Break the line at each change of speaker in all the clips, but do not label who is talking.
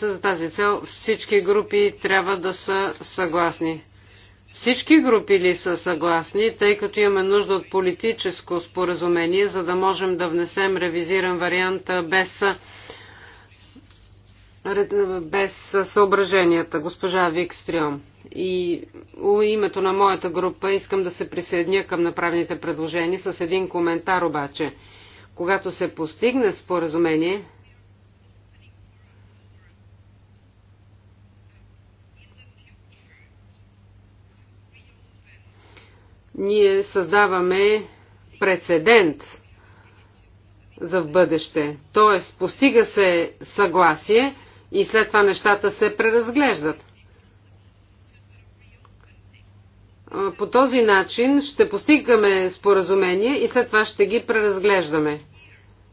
За тази цел всички групи трябва да са съгласни. Всички групи ли са съгласни, тъй като имаме нужда от политическо споразумение, за да можем да внесем ревизиран вариант без, без съображенията, госпожа Викстриом. И у името на моята група искам да се присъединя към направените предложения с един коментар обаче. Когато се постигне споразумение, ние създаваме прецедент за в бъдеще. Тоест, постига се съгласие и след това нещата се преразглеждат. По този начин ще постигаме споразумение и след това ще ги преразглеждаме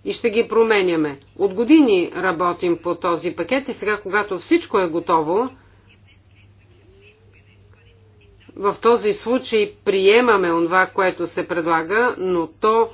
и ще ги променяме. От години работим по този пакет и сега, когато всичко е готово, в този случай приемаме това, което се предлага, но то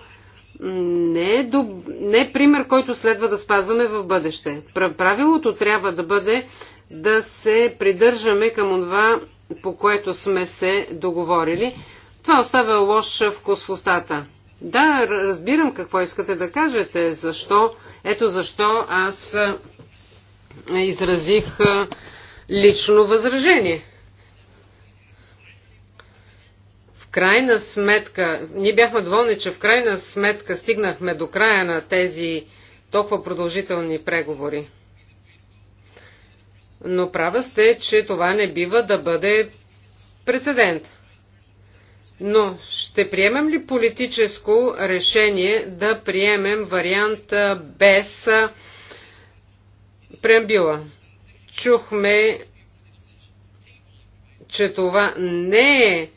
не е, доб... не е пример, който следва да спазваме в бъдеще. Правилото трябва да бъде да се придържаме към това, по което сме се договорили. Това оставя лош вкус в устата. Да, разбирам какво искате да кажете, защо. Ето защо аз изразих лично възражение. крайна сметка, ние бяхме доволни, че в крайна сметка стигнахме до края на тези толкова продължителни преговори. Но права сте, че това не бива да бъде прецедент. Но ще приемем ли политическо решение да приемем вариант без преамбила? Чухме, че това не е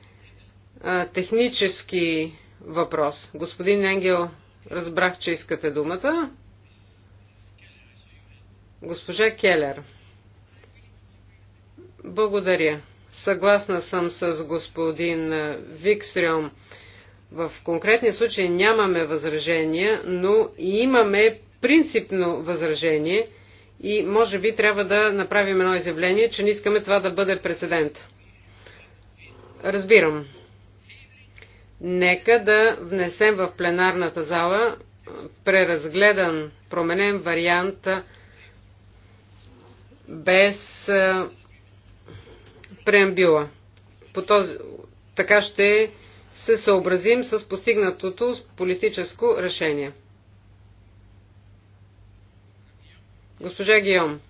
технически въпрос. Господин Енгел, разбрах, че искате думата. Госпожа Келер. Благодаря. Съгласна съм с господин Викстрюм. В конкретния случай нямаме възражения, но имаме принципно възражение и може би трябва да направим едно изявление, че не искаме това да бъде прецедент. Разбирам Нека да внесем в пленарната зала преразгледан, променен вариант без преамбюла. По този, така ще се съобразим с постигнатото политическо решение. Госпожа Гиом.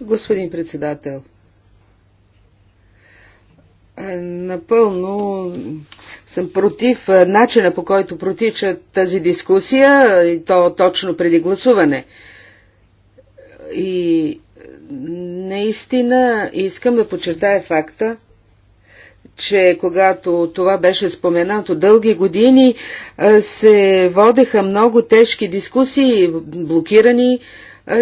Господин председател, е, напълно съм против е, начина по който протича тази дискусия и то точно преди гласуване. И наистина искам да подчертая факта, че когато това беше споменато дълги години, е, се водеха много тежки дискусии, блокирани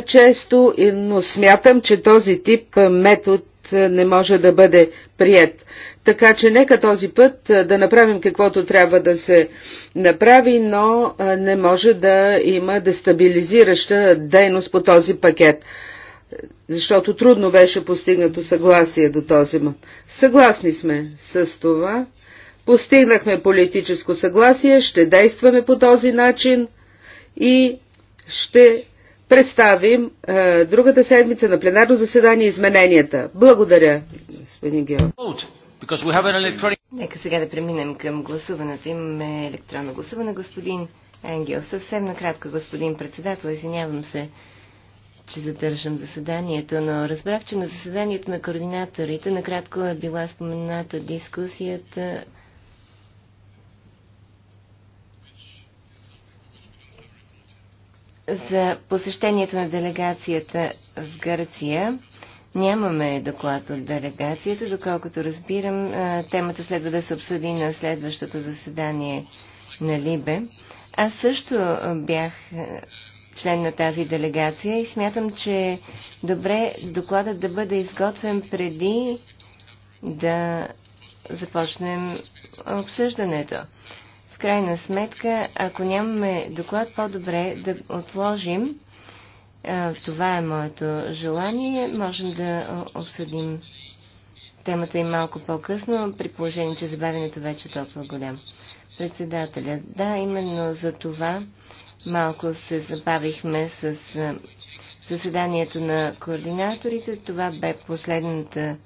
често, но смятам, че този тип метод е, не може да бъде прият. Така че нека този път е, да направим каквото трябва да се направи, но е, не може да има дестабилизираща дейност по този пакет, защото трудно беше постигнато съгласие до този момент. Съгласни сме с това. Постигнахме политическо съгласие, ще действаме по този начин и ще представим е, другата седмица на пленарно заседание измененията. Благодаря,
господин Гео.
Electronic... Нека сега да преминем към гласуването. Имаме електронно гласуване, господин Енгел. Съвсем накратко, господин председател, извинявам се, че задържам заседанието, но разбрах, че на заседанието на координаторите накратко е била спомената дискусията За посещението на делегацията в Гърция нямаме доклад от делегацията. Доколкото разбирам, темата следва да се обсъди на следващото заседание на Либе. Аз също бях член на тази делегация и смятам, че е добре докладът да бъде изготвен преди да започнем обсъждането крайна сметка, ако нямаме доклад, по-добре да отложим. Това е моето желание. Можем да обсъдим темата и малко по-късно, при положение, че забавянето вече е толкова голям. Председателя, да, именно за това малко се забавихме с заседанието на координаторите. Това бе последната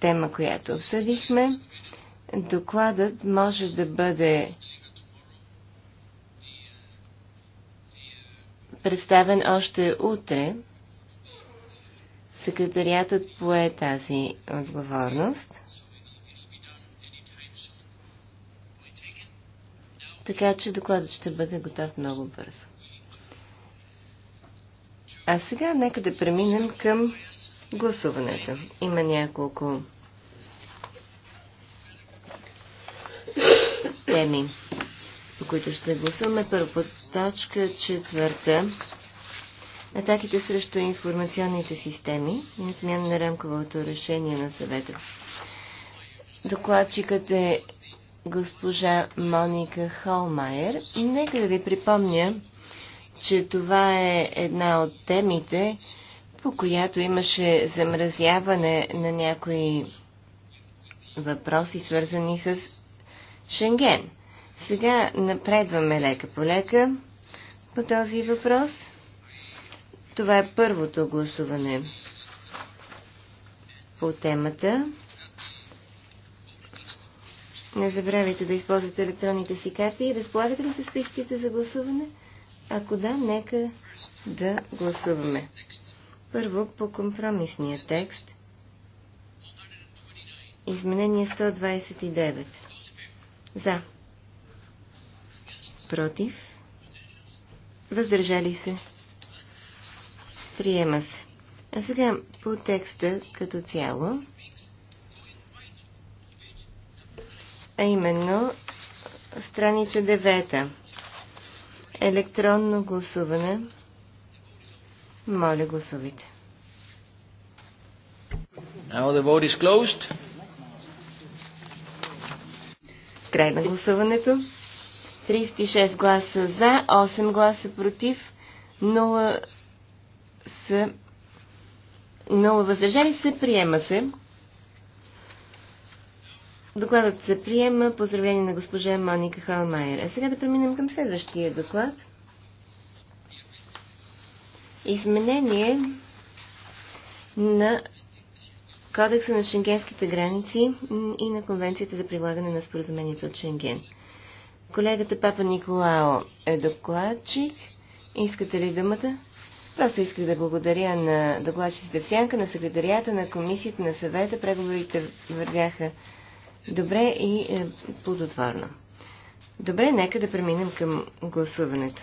тема, която обсъдихме докладът може да бъде представен още утре. Секретариатът пое тази отговорност. Така че докладът ще бъде готов много бързо. А сега нека да преминем към гласуването. Има няколко теми, по които ще гласуваме. Първо точка четвърта. Атаките срещу информационните системи и отмяна на рамковото решение на съвета. Докладчикът е госпожа Моника Холмайер. Нека да ви припомня, че това е една от темите, по която имаше замразяване на някои въпроси, свързани с Шенген. Сега напредваме лека по лека по този въпрос. Това е първото гласуване по темата. Не забравяйте да използвате електронните си карти. Разполагате ли се списките за гласуване? Ако да, нека да гласуваме. Първо по компромисния текст. Изменение 129. За. Против. Въздържали се. Приема се. А сега по текста като цяло. А именно страница 9. Електронно гласуване. Моля гласувайте. Now the vote is closed. Край на гласуването. 36 гласа за, 8 гласа против, 0 са 0 въздържали се, приема се. Докладът се приема. Поздравление на госпожа Моника Халмайер. А сега да преминем към следващия доклад. Изменение на Кодекса на шенгенските граници и на Конвенцията за прилагане на споразумението от Шенген. Колегата Папа Николао е докладчик. Искате ли думата? Просто исках да благодаря на докладчиците в Сянка, на секретарията, на комисията, на съвета. Преговорите вървяха добре и е, плодотворно. Добре, нека да преминем към гласуването.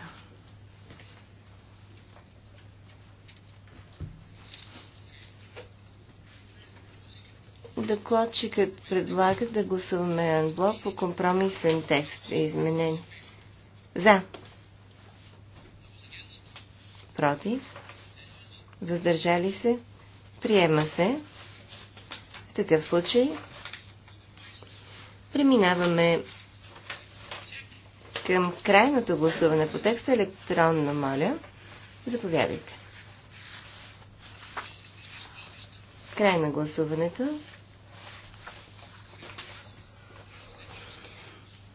Докладчикът предлага да гласуваме анблок по компромисен текст. Е изменен. За. Против. Въздържали се. Приема се. В такъв случай преминаваме към крайното гласуване по текста електронно, моля. Заповядайте. Край на гласуването.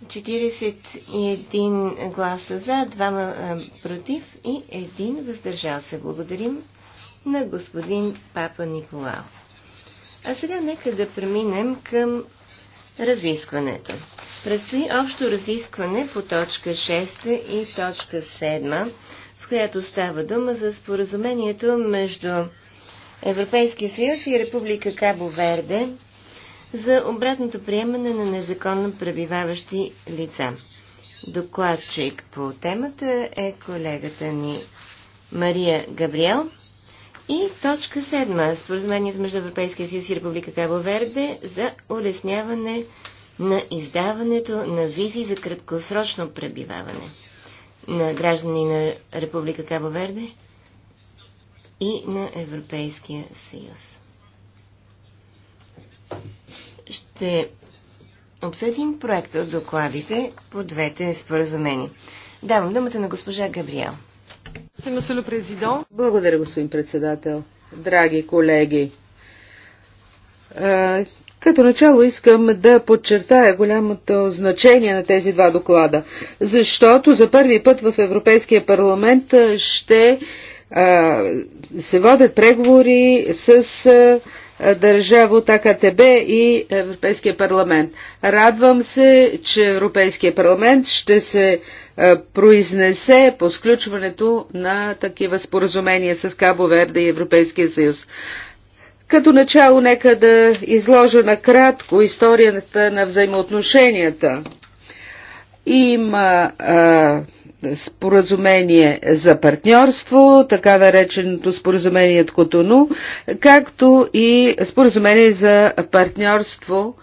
41 гласа за, 2 против и 1 въздържал се. Благодарим на господин Папа Николао. А сега нека да преминем към разискването. Предстои общо разискване по точка 6 и точка 7, в която става дума за споразумението между Европейския съюз и Република Кабо Верде за обратното приемане на незаконно пребиваващи лица. Докладчик по темата е колегата ни Мария Габриел. И точка 7. Споразумението между Европейския съюз и Република Кабо Верде за улесняване на издаването на визи за краткосрочно пребиваване на граждани на Република Кабо Верде и на Европейския съюз ще обсъдим проекта от докладите по двете споразумения. Давам думата на госпожа Габриел.
Благодаря, господин председател. Драги колеги, като начало искам да подчертая голямото значение на тези два доклада, защото за първи път в Европейския парламент ще се водят преговори с е, държава от АКТБ и Европейския парламент. Радвам се, че Европейския парламент ще се е, произнесе по сключването на такива споразумения с Кабо Верде и Европейския съюз. Като начало нека да изложа накратко историята на взаимоотношенията. Има а, е, споразумение за партньорство, така нареченото споразумение от Котону, както и споразумение за партньорство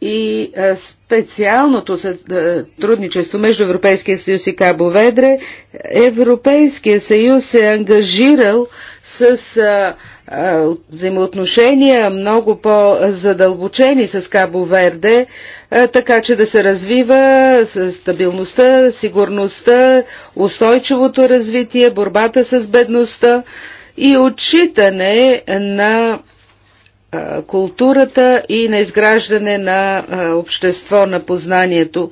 и специалното сътрудничество между Европейския съюз и Кабо Ведре. Европейския съюз се е ангажирал с взаимоотношения много по-задълбочени с Кабо Верде, така че да се развива стабилността, сигурността, устойчивото развитие, борбата с бедността и отчитане на културата и на изграждане на общество на познанието.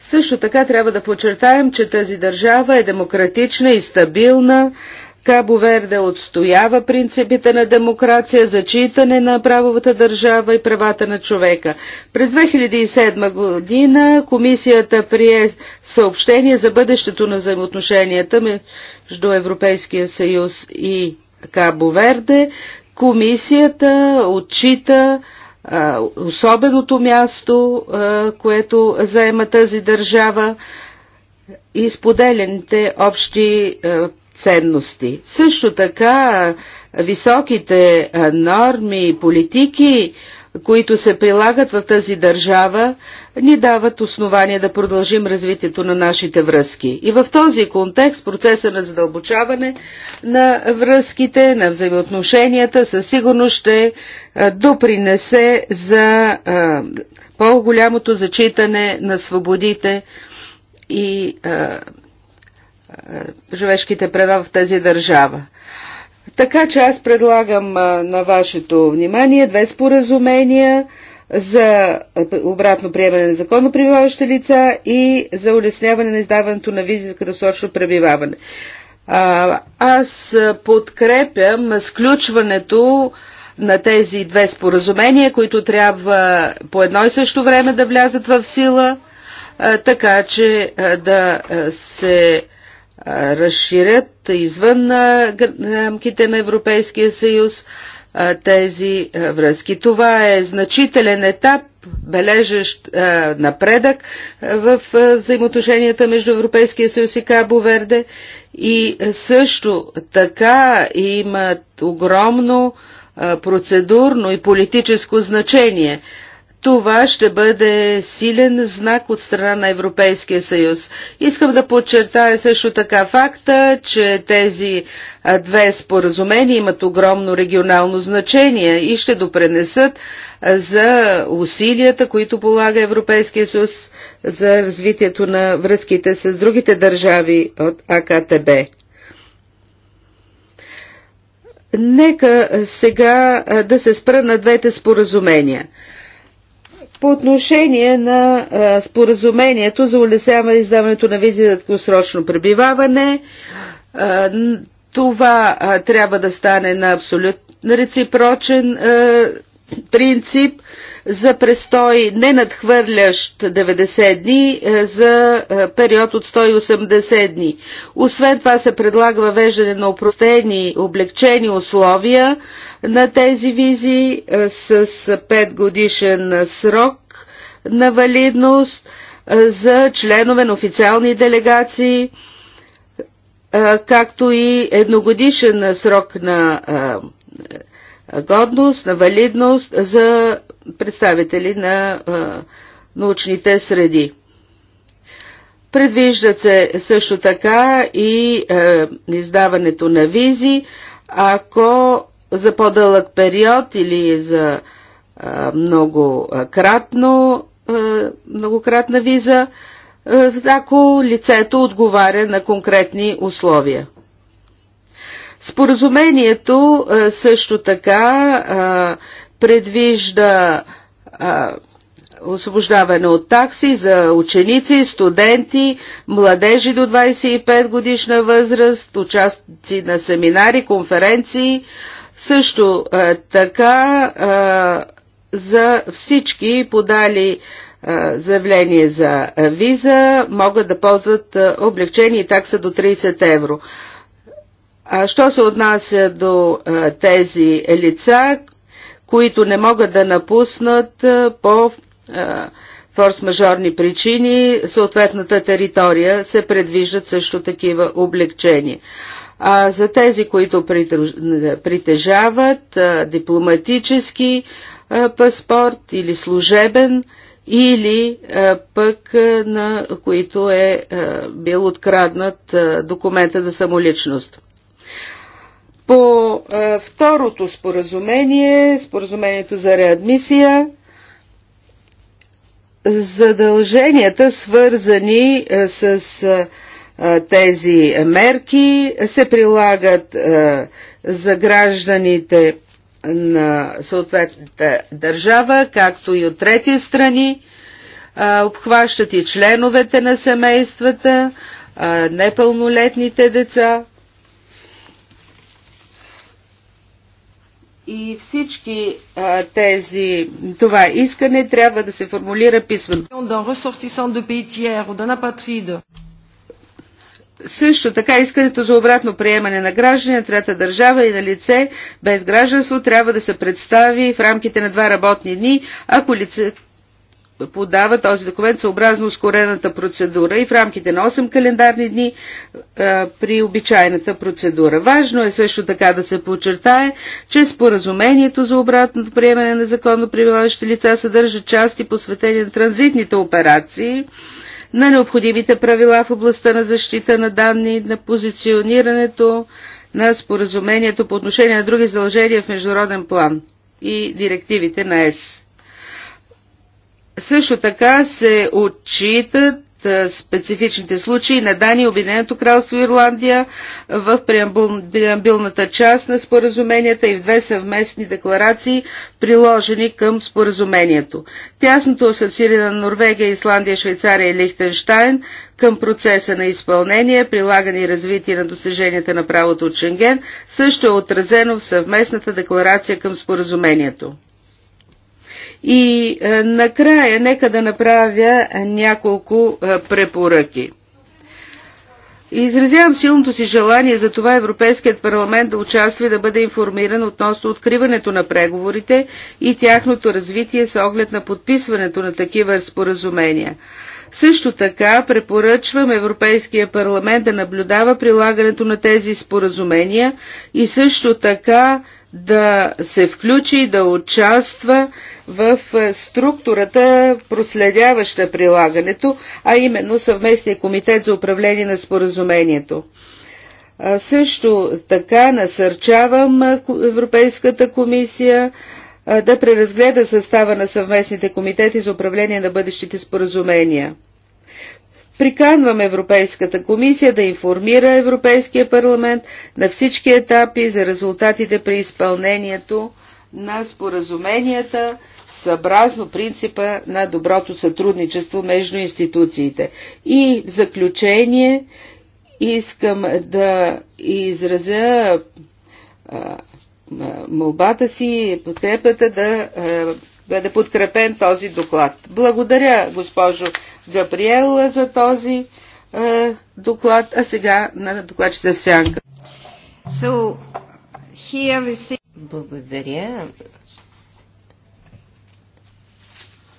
Също така трябва да подчертаем, че тази държава е демократична и стабилна, Кабо Верде отстоява принципите на демокрация, зачитане на правовата държава и правата на човека. През 2007 година комисията прие съобщение за бъдещето на взаимоотношенията между Европейския съюз и Кабо Верде. Комисията отчита а, особеното място, а, което заема тази държава и споделените общи а, ценности. Също така високите норми и политики, които се прилагат в тази държава, ни дават основание да продължим развитието на нашите връзки. И в този контекст процеса на задълбочаване на връзките, на взаимоотношенията със сигурност ще допринесе за по-голямото зачитане на свободите и е, човешките права в тази държава. Така че аз предлагам е, на вашето внимание две споразумения за е, обратно приемане на законно пребиваващи лица и за улесняване на издаването на визи за краткосрочно пребиваване. Аз подкрепям сключването на тези две споразумения, които трябва по едно и също време да влязат в сила, така че да се разширят извън рамките на Европейския съюз тези връзки. Това е значителен етап, бележещ напредък в взаимоотношенията между Европейския съюз и Кабо Верде и също така имат огромно процедурно и политическо значение това ще бъде силен знак от страна на Европейския съюз. Искам да подчертая също така факта, че тези две споразумения имат огромно регионално значение и ще допренесат за усилията, които полага Европейския съюз за развитието на връзките с другите държави от АКТБ. Нека сега да се спра на двете споразумения – по отношение на а, е, споразумението за улесяване издаването на визи за краткосрочно пребиваване, а, е, това а, е, трябва да стане на абсолютно реципрочен принцип за престой не надхвърлящ 90 дни е, за е, период от 180 дни. Освен това се предлага въвеждане на упростени, облегчени условия на тези визи е, с 5 годишен срок на валидност за членове на официални делегации, както и едногодишен срок на годност, на валидност за представители на научните среди. Предвиждат се също така и е, издаването на визи, ако за по-дълъг период или за е, много кратно, е, многократна виза, е, ако лицето отговаря на конкретни условия. Споразумението е, също така е, предвижда е, освобождаване от такси за ученици, студенти, младежи до 25 годишна възраст, участници на семинари, конференции, също така за всички подали заявление за виза могат да ползват облегчение и такса до 30 евро. А що се отнася до а, тези лица, които не могат да напуснат а, по форс-мажорни причини, съответната територия се предвиждат също такива облегчения. А за тези, които притежават а, дипломатически а, паспорт или служебен, или а, пък а, на които е а, бил откраднат а, документа за самоличност. По е, второто споразумение, споразумението за реадмисия, задълженията, свързани е, с е, тези мерки, се прилагат е, за гражданите на съответната държава, както и от трети страни. Е, обхващат и членовете на семействата, е, непълнолетните деца. И всички а, тези, това искане трябва да се формулира писменно. Също така искането за обратно приемане на граждани на трета държава и на лице без гражданство трябва да се представи в рамките на два работни дни, ако лицето подава този документ съобразно ускорената процедура и в рамките на 8 календарни дни а, е, при обичайната процедура. Важно е също така да се подчертае, че споразумението за обратното приемане на законно прибиваващи лица съдържа части посветени на транзитните операции, на необходимите правила в областта на защита на данни, на позиционирането на споразумението по отношение на други задължения в международен план и директивите на ЕС. Също така се отчитат специфичните случаи на Дания, Обединеното кралство и Ирландия в преамбилната част на споразуменията и в две съвместни декларации, приложени към споразумението. Тясното асоцииране на Норвегия, Исландия, Швейцария и Лихтенштайн към процеса на изпълнение, прилагане и развитие на достиженията на правото от Шенген също е отразено в съвместната декларация към споразумението. И е, накрая нека да направя няколко е, препоръки. Изразявам силното си желание за това Европейският парламент да участва и да бъде информиран относно откриването на преговорите и тяхното развитие с оглед на подписването на такива споразумения. Също така препоръчвам Европейския парламент да наблюдава прилагането на тези споразумения и също така да се включи и да участва в е, структурата, проследяваща прилагането, а именно съвместния комитет за управление на споразумението. Също така насърчавам е, Европейската комисия да преразгледа състава на съвместните комитети за управление на бъдещите споразумения. Приканвам Европейската комисия да информира Европейския парламент на всички етапи за резултатите при изпълнението на споразуменията съобразно принципа на доброто сътрудничество между институциите. И в заключение искам да изразя а, е, молбата си, подкрепата да е, бъде подкрепен този доклад. Благодаря, госпожо Габриел, за този е, доклад, а сега на докладчица в сянка.
So, here we see... Благодаря.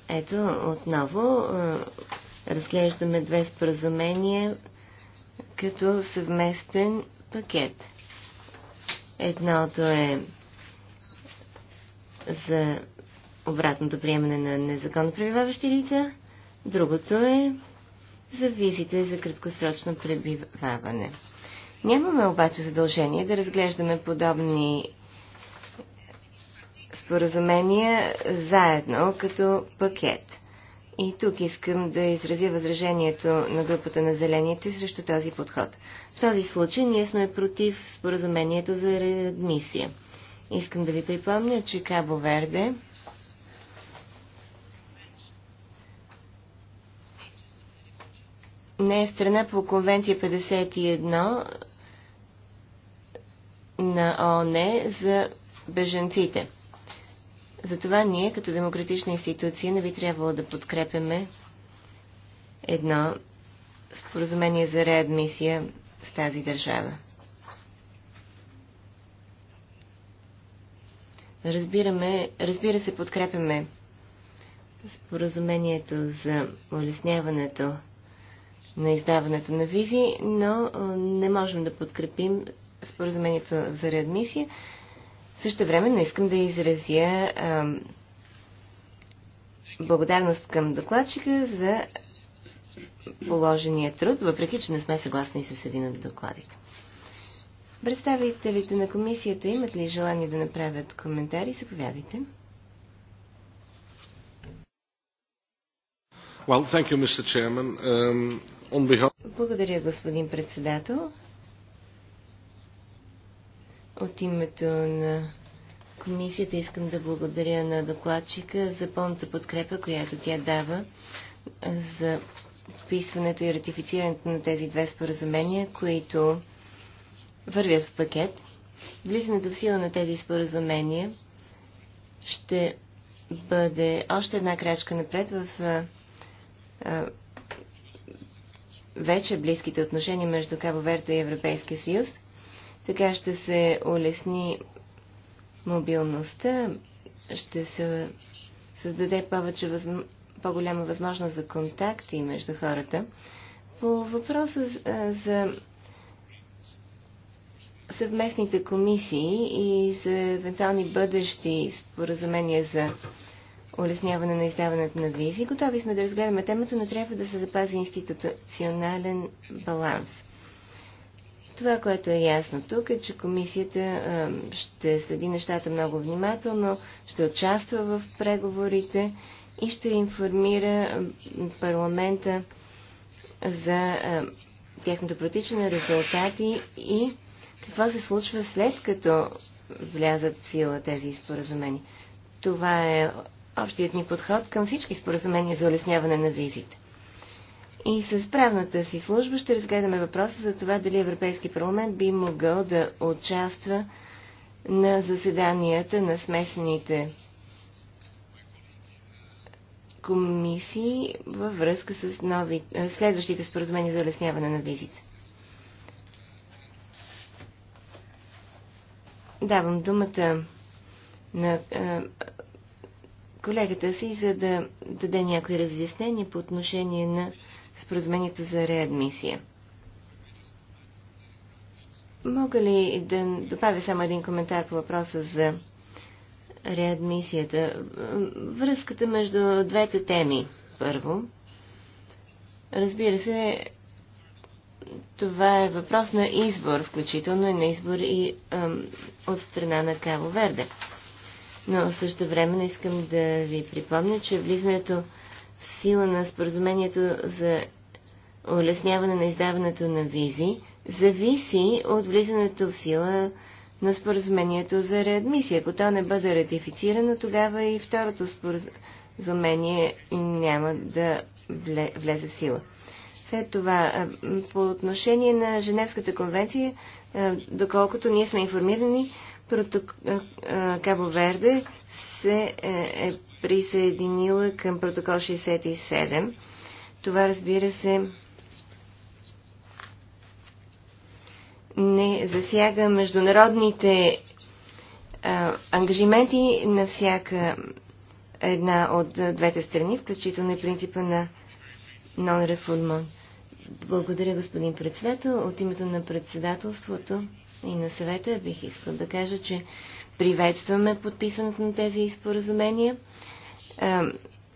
Ето, отново разглеждаме две споразумения като съвместен пакет. Едното е за обратното приемане на незаконно пребиваващи лица, другото е за визите за краткосрочно пребиваване. Нямаме обаче задължение да разглеждаме подобни споразумения заедно като пакет. И тук искам да изразя възражението на групата на зелените срещу този подход. В този случай ние сме против споразумението за реадмисия. Искам да ви припомня, че Кабо Верде не е страна по конвенция 51 на ООН за беженците. Затова ние, като демократична институция, не би трябвало да подкрепяме едно споразумение за реадмисия в тази държава. Разбираме, разбира се, подкрепяме споразумението за улесняването на издаването на визи, но не можем да подкрепим споразумението за реадмисия. Също време, искам да изразя а, благодарност към докладчика за положения труд, въпреки че не сме съгласни с един от докладите. Представителите на комисията имат ли желание да направят коментари? Заповядайте. Well, thank you, Mr. Chairman. Um, on behalf... Благодаря, господин председател. От името на комисията искам да благодаря на докладчика за пълната подкрепа, която тя дава за подписването и ратифицирането на тези две споразумения, които вървят в пакет. Влизането в сила на тези споразумения ще бъде още една крачка напред в а, а, вече близките отношения между Кабо и Европейския съюз. Така ще се улесни мобилността, ще се създаде повече възможност по-голяма възможност за контакти между хората. По въпроса за съвместните комисии и за евентуални бъдещи споразумения за улесняване на издаването на визи. Готови сме да разгледаме темата, но трябва да се запази институционален баланс. Това, което е ясно тук е, че комисията ще следи нещата много внимателно, ще участва в преговорите и ще информира парламента за тяхното протичане, резултати и какво се случва след като влязат в сила тези споразумения. Това е общият ни подход към всички споразумения за улесняване на визите. И с правната си служба ще разгледаме въпроса за това дали Европейски парламент би могъл да участва на заседанията на смесените комисии във връзка с нови, е, следващите споразумения за улесняване на визите. Давам думата на а, е, колегата си, за да даде някои разяснения по отношение на споразумението за реадмисия. Мога ли да добавя само един коментар по въпроса за реадмисията. Връзката между двете теми, първо. Разбира се, това е въпрос на избор, включително и на избор и ам, от страна на Каво Верде. Но също времено искам да ви припомня, че влизането в сила на споразумението за улесняване на издаването на визи зависи от влизането в сила на споразумението за реадмисия. Ако то не бъде ратифицирано, тогава и второто споразумение няма да влезе в сила. След това, по отношение на Женевската конвенция, доколкото ние сме информирани, проток... Кабо Верде се е, е присъединила към протокол 67. Това, разбира се, не засяга международните а, ангажименти на всяка една от двете страни, включително и принципа на нон-рефулмон. Благодаря, господин председател. От името на председателството и на съвета бих искал да кажа, че приветстваме подписването на тези споразумения.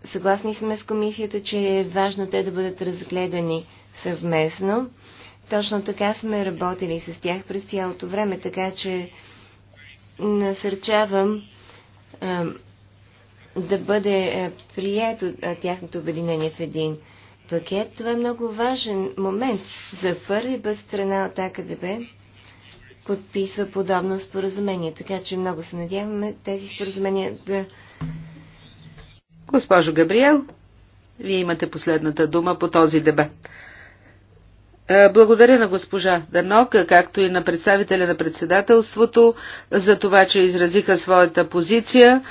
Съгласни сме с комисията, че е важно те да бъдат разгледани съвместно. Точно така сме работили с тях през цялото време, така че насърчавам а, да бъде прието тяхното обединение в един пакет. Това е много важен момент. За първи път страна от АКДБ подписва подобно споразумение, така че много се надяваме тези споразумения да.
Госпожо Габриел, вие имате последната дума по този дебат. Е, благодаря на госпожа Данок, както и на представителя на председателството за това, че изразиха своята позиция,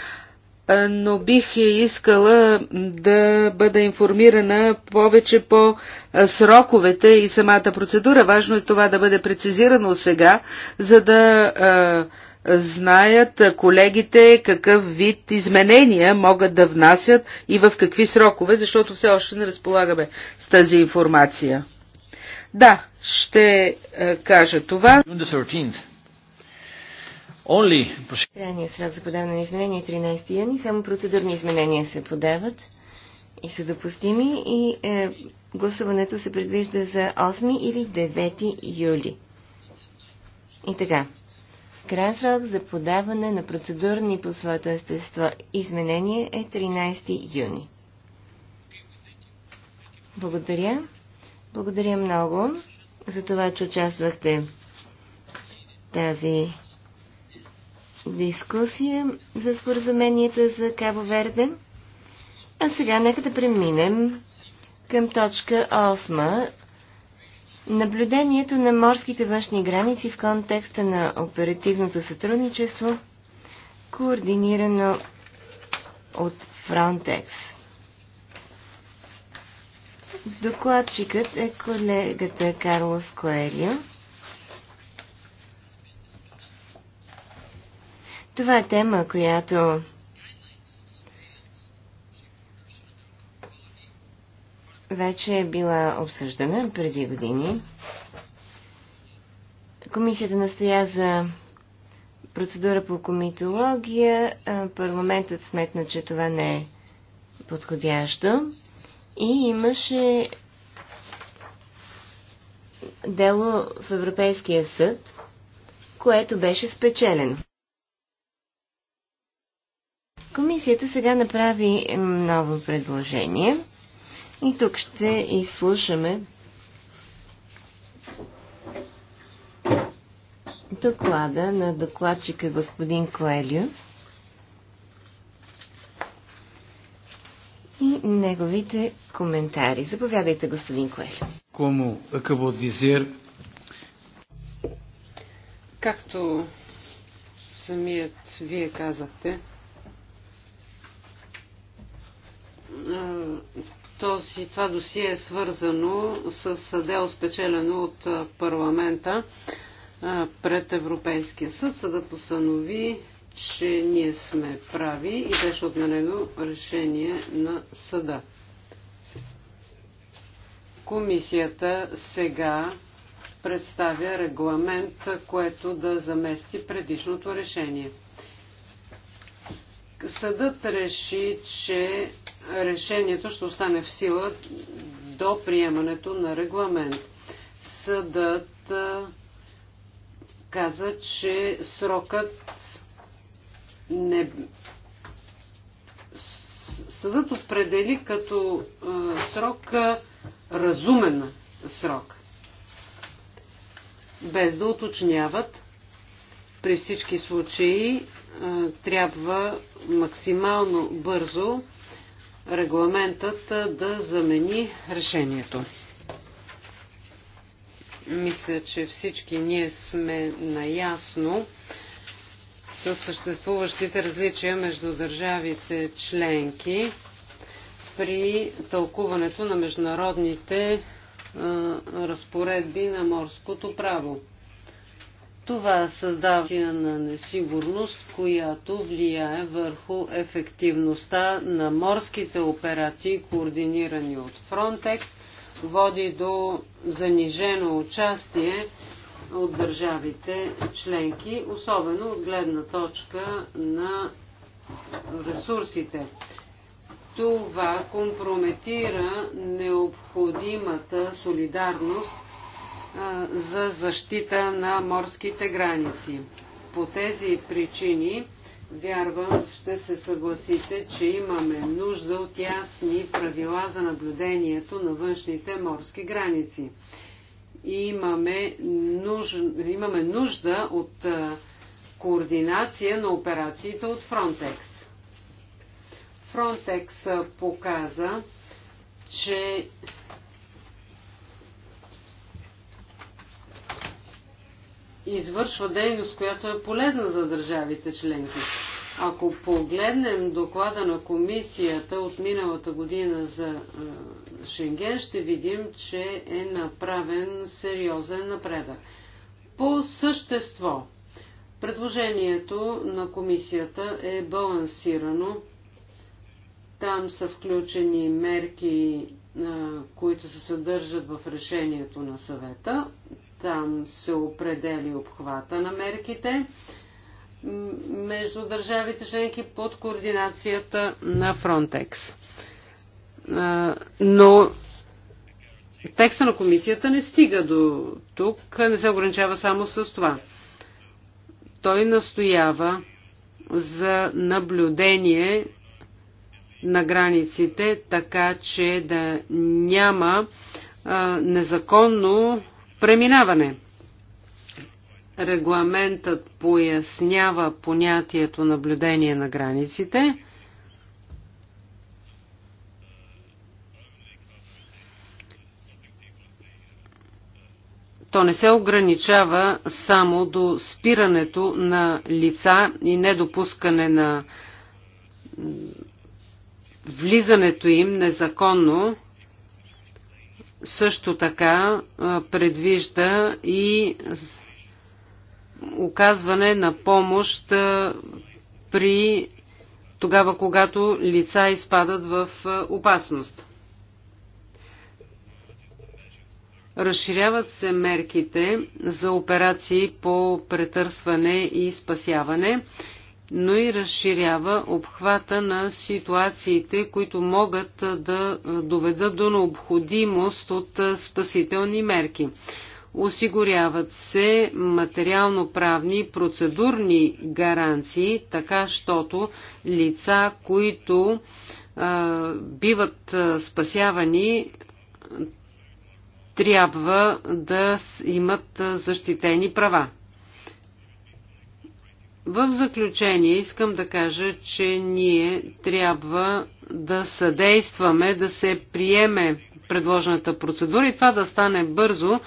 е, но бих искала да бъда информирана повече по е, сроковете и самата процедура. Важно е това да бъде прецизирано сега, за да знаят колегите какъв вид изменения могат да внасят и в какви срокове, защото все още не разполагаме с тази информация.
Да, ще е, кажа това. Only... Крайният срок за подаване на изменения е 13 юни. Само процедурни изменения се подават и са допустими и е, гласуването се предвижда за 8 или 9 юли. И така. Крайният срок за подаване на процедурни по своето естество изменение е 13 юни. Благодаря. Благодаря много за това, че участвахте в тази дискусия за споразуменията за Кабо Верде. А сега нека да преминем към точка 8. Наблюдението на морските външни граници в контекста на оперативното сътрудничество, координирано от Frontex. Докладчикът е колегата Карлос Коелио. Това е тема, която вече е била обсъждана преди години. Комисията настоя за процедура по комитология. Парламентът сметна, че това не е подходящо. И имаше дело в Европейския съд, което беше спечелено. Комисията сега направи ново предложение и тук ще изслушаме доклада на докладчика господин Коелиус. неговите коментари. Заповядайте, господин Коелю.
Кому acabou дизер?
както
самият вие казахте, този, това досие е свързано с дело спечелено от парламента пред Европейския съд. за да постанови че ние сме прави и беше отменено решение на съда. Комисията сега представя регламент, което да замести предишното решение. Съдът реши, че решението ще остане в сила до приемането на регламент. Съдът каза, че срокът не... Съдът определи като а, срок а, разумен срок, без да уточняват. При всички случаи а, трябва максимално бързо регламентът да замени решението. Мисля, че всички ние сме наясно с съществуващите различия между държавите членки при тълкуването на международните разпоредби на морското право. Това създава на несигурност, която влияе върху ефективността на морските операции, координирани от Frontex, води до занижено участие от държавите членки, особено от гледна точка на ресурсите. Това компрометира необходимата солидарност а, за защита на морските граници. По тези причини вярвам, ще се съгласите, че имаме нужда от ясни правила за наблюдението на външните морски граници имаме, нуж... имаме нужда от координация на операциите от Frontex. Frontex показа, че извършва дейност, която е полезна за държавите членки. Ако погледнем доклада на комисията от миналата година за е, Шенген, ще видим, че е направен сериозен напредък. По същество, предложението на комисията е балансирано. Там са включени мерки, е, които се съдържат в решението на съвета. Там се определи обхвата на мерките между държавите членки под координацията на Frontex. Но текста на комисията не стига до тук, не се ограничава само с това. Той настоява за наблюдение на границите, така че да няма незаконно преминаване. Регламентът пояснява понятието наблюдение на границите. То не се ограничава само до спирането на лица и недопускане на влизането им незаконно също така предвижда и оказване на помощ при тогава, когато лица изпадат в опасност. Разширяват се мерките за операции по претърсване и спасяване, но и разширява обхвата на ситуациите, които могат да доведат до необходимост от спасителни мерки. Осигуряват се материално-правни процедурни гаранции, така щото лица, които а, биват а, спасявани, трябва да имат защитени права. В заключение искам да кажа, че ние трябва да съдействаме да се приеме предложената процедура и това да стане бързо,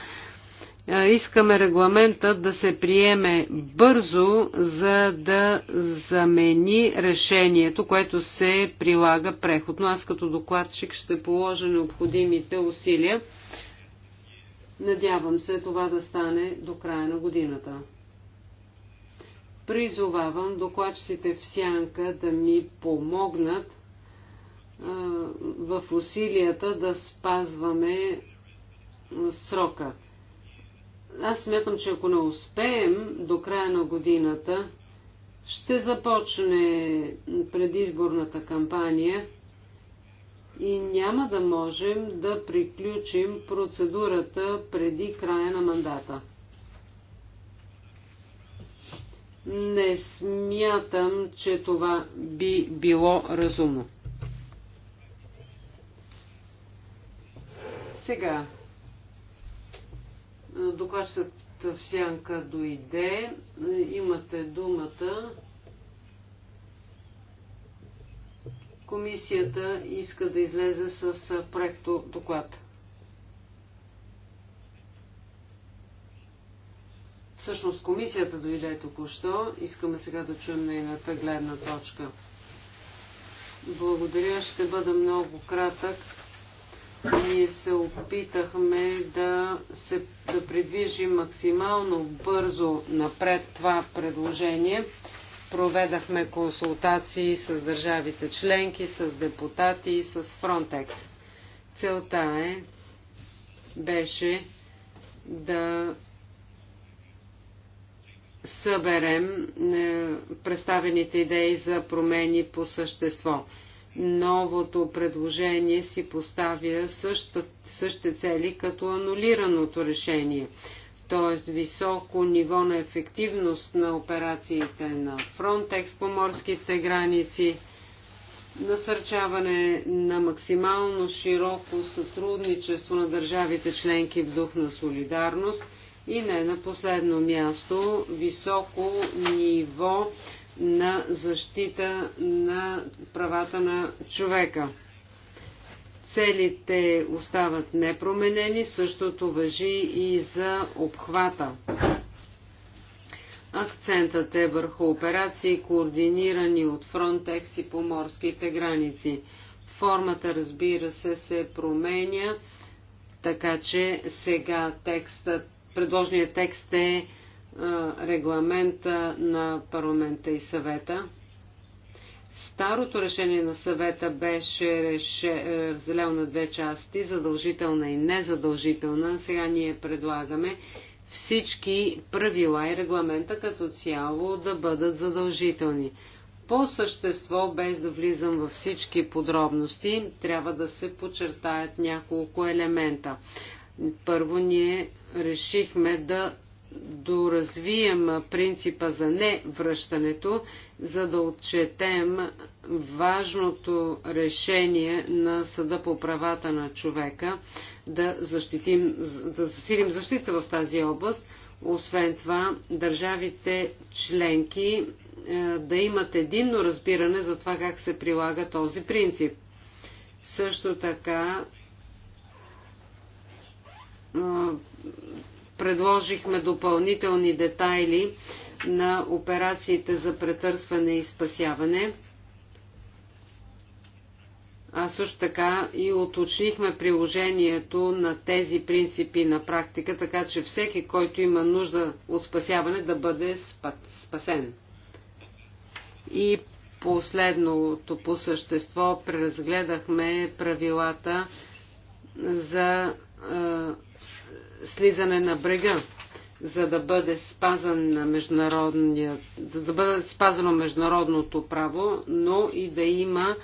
е, искаме регламентът да се приеме бързо, за да замени решението, което се прилага преходно. Аз като докладчик ще положа необходимите усилия. Надявам се това да стане до края на годината. Призовавам докладчиците в сянка да ми помогнат а, е, в усилията да спазваме а, срока. Аз смятам, че ако не успеем до края на годината, ще започне предизборната кампания и няма да можем да приключим процедурата преди края на мандата. Не смятам, че това би било разумно. Сега, Докладчицът в сянка дойде. Имате думата. Комисията иска да излезе с проекто доклад. Всъщност комисията дойде току-що. Искаме сега да чуем нейната гледна точка. Благодаря, ще бъда много кратък ние се опитахме да, се, да придвижим максимално бързо напред това предложение. Проведахме консултации с държавите членки, с депутати и с Frontex. Целта е беше да съберем е, представените идеи за промени по същество новото предложение си поставя същите цели като анулираното решение, т.е. високо ниво на ефективност на операциите на Frontex по морските граници, насърчаване на максимално широко сътрудничество на държавите членки в дух на солидарност и не на последно място високо ниво на защита на правата на човека. Целите остават непроменени, същото въжи и за обхвата. Акцентът е върху операции, координирани от Frontex и по морските граници. Формата, разбира се, се променя, така че сега текстът, предложният текст е регламента на парламента и съвета. Старото решение на съвета беше реше, е, разделено на две части, задължителна и незадължителна. Сега ние предлагаме всички правила и регламента като цяло да бъдат задължителни. По същество, без да влизам във всички подробности, трябва да се подчертаят няколко елемента. Първо ние решихме да доразвием принципа за невръщането, за да отчетем важното решение на Съда по правата на човека да, защитим, да засилим защита в тази област. Освен това, държавите членки е, да имат единно разбиране за това как се прилага този принцип. Също така е, предложихме допълнителни детайли на операциите за претърсване и спасяване. А също така и уточнихме приложението на тези принципи на практика, така че всеки, който има нужда от спасяване, да бъде спасен. И последното по същество преразгледахме правилата за слизане на брега, за да бъде спазан на международния, да бъде спазано международното право, но и да има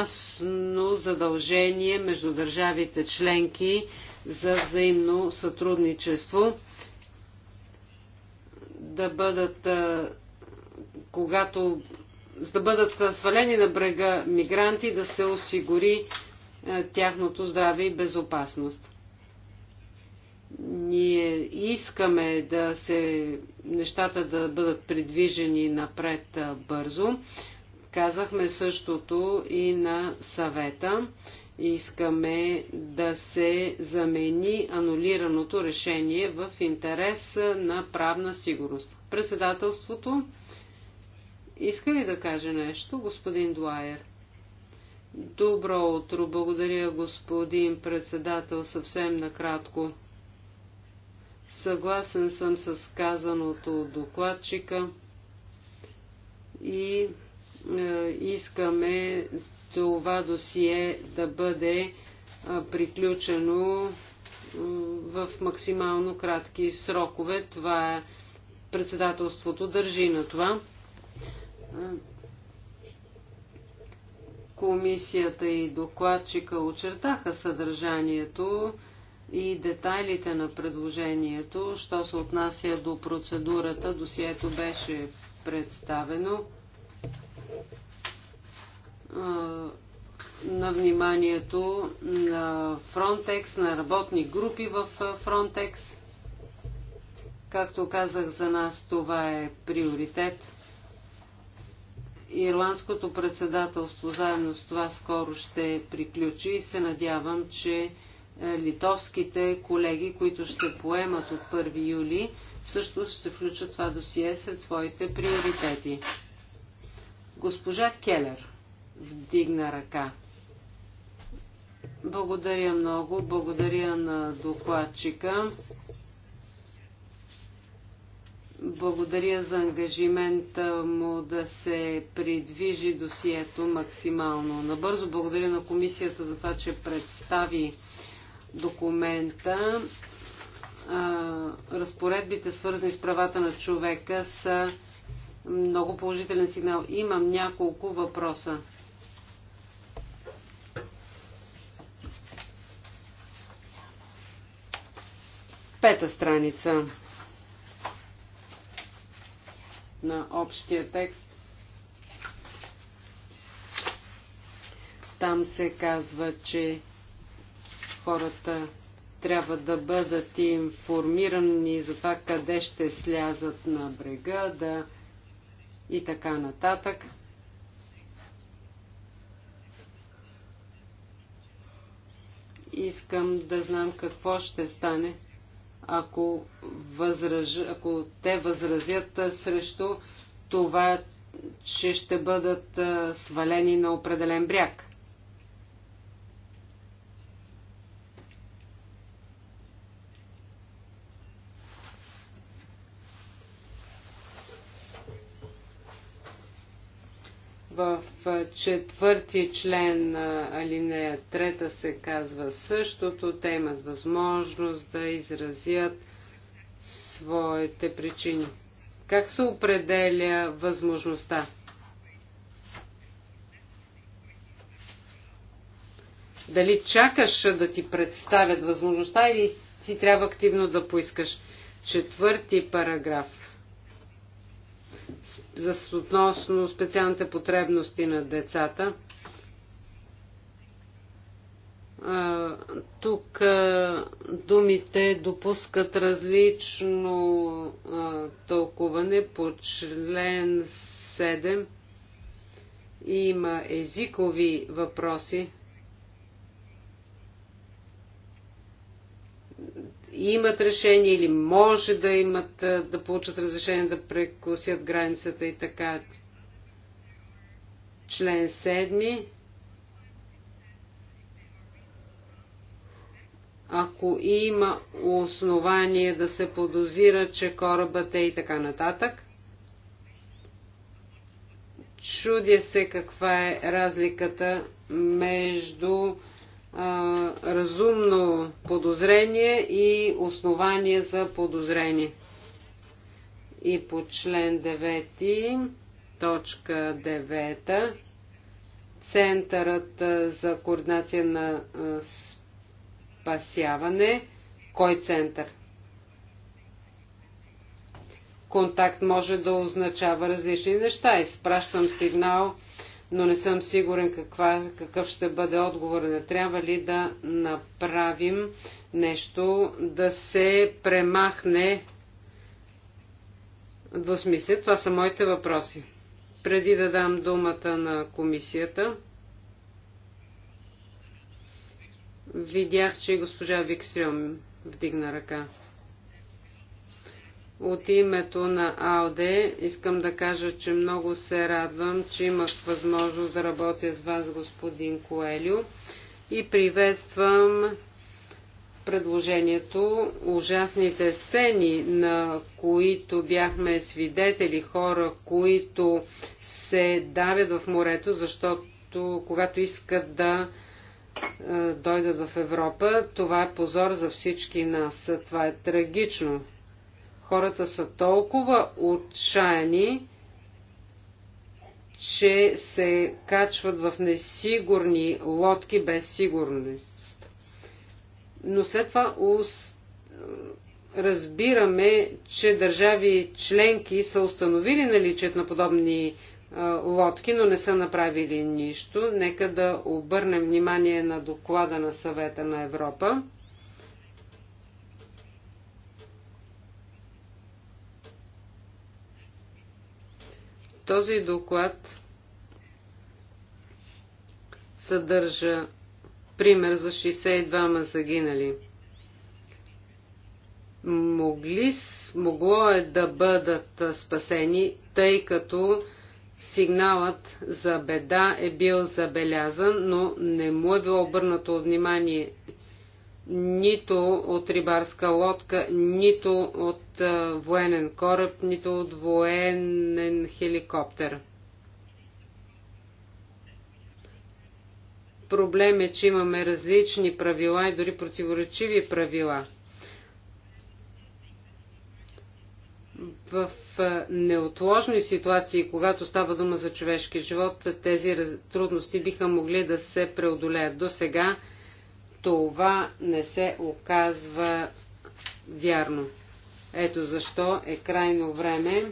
ясно задължение между държавите членки за взаимно сътрудничество, да бъдат, когато, да бъдат свалени на брега мигранти, да се осигури тяхното здраве и безопасност. Ние искаме да се нещата да бъдат придвижени напред бързо. Казахме същото и на съвета. Искаме да се замени анулираното решение в интерес на правна сигурност. Председателството иска ли да каже нещо, господин Дуайер? Добро утро, благодаря господин председател, съвсем накратко. Съгласен съм с казаното от докладчика и е, искаме това досие да бъде е, приключено е, в максимално кратки срокове. Това е председателството държи на това. Е, комисията и докладчика очертаха съдържанието и детайлите на предложението. Що се отнася до процедурата, досието беше представено на вниманието на Frontex, на работни групи в Frontex. Както казах, за нас това е приоритет. Ирландското председателство заедно с това скоро ще приключи и се надявам, че е, литовските колеги, които ще поемат от 1 юли, също ще включат това досие сред своите приоритети. Госпожа Келер вдигна ръка. Благодаря много. Благодаря на докладчика. Благодаря за ангажимента му да се придвижи досието максимално набързо. Благодаря на комисията за това, че представи документа разпоредбите, свързани с правата на човека, са много положителен сигнал. Имам няколко въпроса. Пета страница на общия текст. Там се казва, че хората трябва да бъдат информирани за това къде ще слязат на брега да... и така нататък. Искам да знам какво ще стане, ако, възраж... ако те възразят срещу това, че ще бъдат свалени на определен бряг. четвърти член, алинея трета се казва същото. Те имат възможност да изразят своите причини. Как се определя възможността? Дали чакаш да ти представят възможността или ти трябва активно да поискаш? Четвърти параграф за, относно специалните потребности на децата. Тук думите допускат различно тълкуване по член 7. Има езикови въпроси, имат решение или може да имат, да получат разрешение да прекусят границата и така. Член 7. Ако има основание да се подозира, че корабът е и така нататък. Чудя се каква е разликата между разумно подозрение и основание за подозрение. И по член 9, точка 9, Центърът за координация на спасяване. Кой център? Контакт може да означава различни неща. Изпращам сигнал но не съм сигурен каква, какъв ще бъде отговор. Не трябва ли да направим нещо, да се премахне двусмислие? Това са моите въпроси. Преди да дам думата на комисията, видях, че госпожа Викстрюм вдигна ръка. От името на Ауде, искам да кажа, че много се радвам, че имах възможност да работя с вас, господин Коелю, и приветствам предложението, ужасните сцени, на които бяхме свидетели хора, които се давят в морето, защото когато искат да дойдат в Европа, това е позор за всички нас. Това е трагично. Хората са толкова отчаяни, че се качват в несигурни лодки без сигурност. Но след това разбираме, че държави членки са установили наличието на подобни лодки, но не са направили нищо. Нека да обърнем внимание на доклада на съвета на Европа. Този доклад съдържа пример за 62-ма загинали. Могли, могло е да бъдат спасени, тъй като сигналът за беда е бил забелязан, но не му е било обърнато внимание нито от рибарска лодка, нито от военен кораб, нито от военен хеликоптер. Проблем е, че имаме различни правила и дори противоречиви правила. В неотложни ситуации, когато става дума за човешки живот, тези трудности биха могли да се преодолеят. До сега това не се оказва вярно. Ето защо е крайно време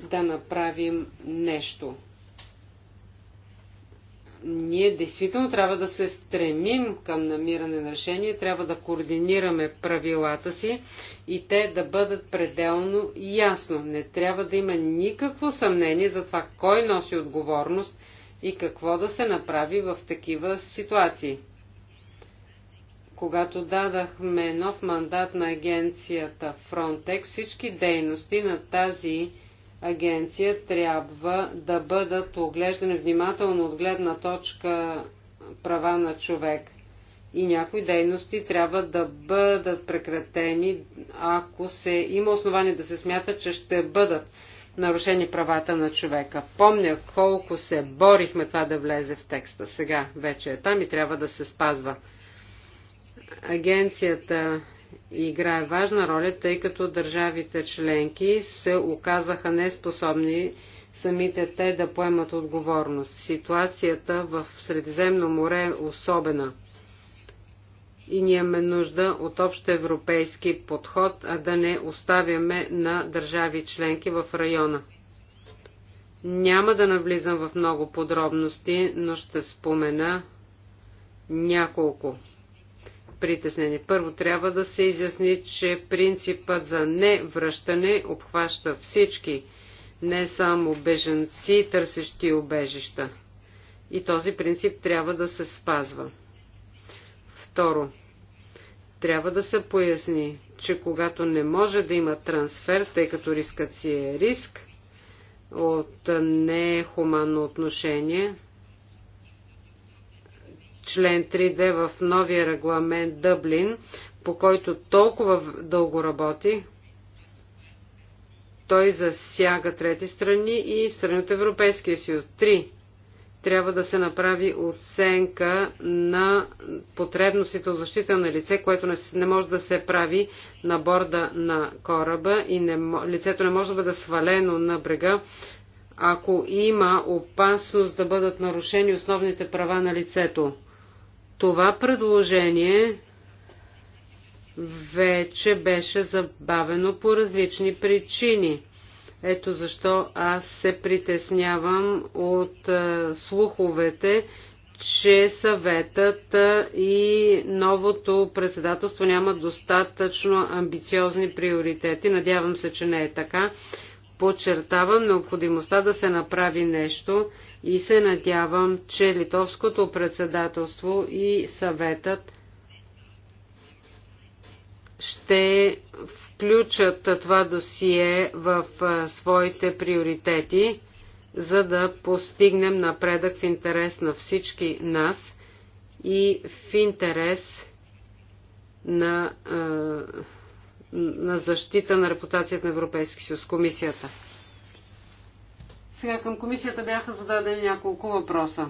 да направим нещо. Ние действително трябва да се стремим към намиране на решение, трябва да координираме правилата си и те да бъдат пределно ясно. Не трябва да има никакво съмнение за това кой носи отговорност и какво да се направи в такива ситуации. Когато дадахме нов мандат на агенцията Frontex, всички дейности на тази агенция трябва да бъдат оглеждани внимателно от гледна точка права на човек. И някои дейности трябва да бъдат прекратени, ако се има основание да се смята, че ще бъдат нарушени правата на човека. Помня колко се борихме това да влезе в текста. Сега вече е там и трябва да се спазва. Агенцията играе важна роля, тъй като държавите членки се оказаха неспособни самите те да поемат отговорност. Ситуацията в Средиземно море е особена и ние имаме нужда от общ европейски подход, а да не оставяме на държави членки в района. Няма да навлизам в много подробности, но ще спомена няколко притеснени. Първо трябва да се изясни, че принципът за невръщане обхваща всички, не само беженци, търсещи обежища. И този принцип трябва да се спазва. Второ, трябва да се поясни, че когато не може да има трансфер, тъй като рискът си е риск от нехуманно отношение, член 3D в новия регламент Дъблин, по който толкова дълго работи, той засяга трети страни и страни от Европейския съюз. Три. Трябва да се направи оценка на потребностите от защита на лице, което не, не може да се прави на борда на кораба и не, лицето не може да бъде свалено на брега, ако има опасност да бъдат нарушени основните права на лицето. Това предложение вече беше забавено по различни причини. Ето защо аз се притеснявам от а, слуховете, че съветът и новото председателство няма достатъчно амбициозни приоритети. Надявам се, че не е така. Подчертавам необходимостта да се направи нещо и се надявам, че литовското председателство и съветът ще включат това досие в своите приоритети, за да постигнем напредък в интерес на всички нас и в интерес на на защита на репутацията на Европейски съюз, комисията. Сега към комисията бяха зададени няколко въпроса.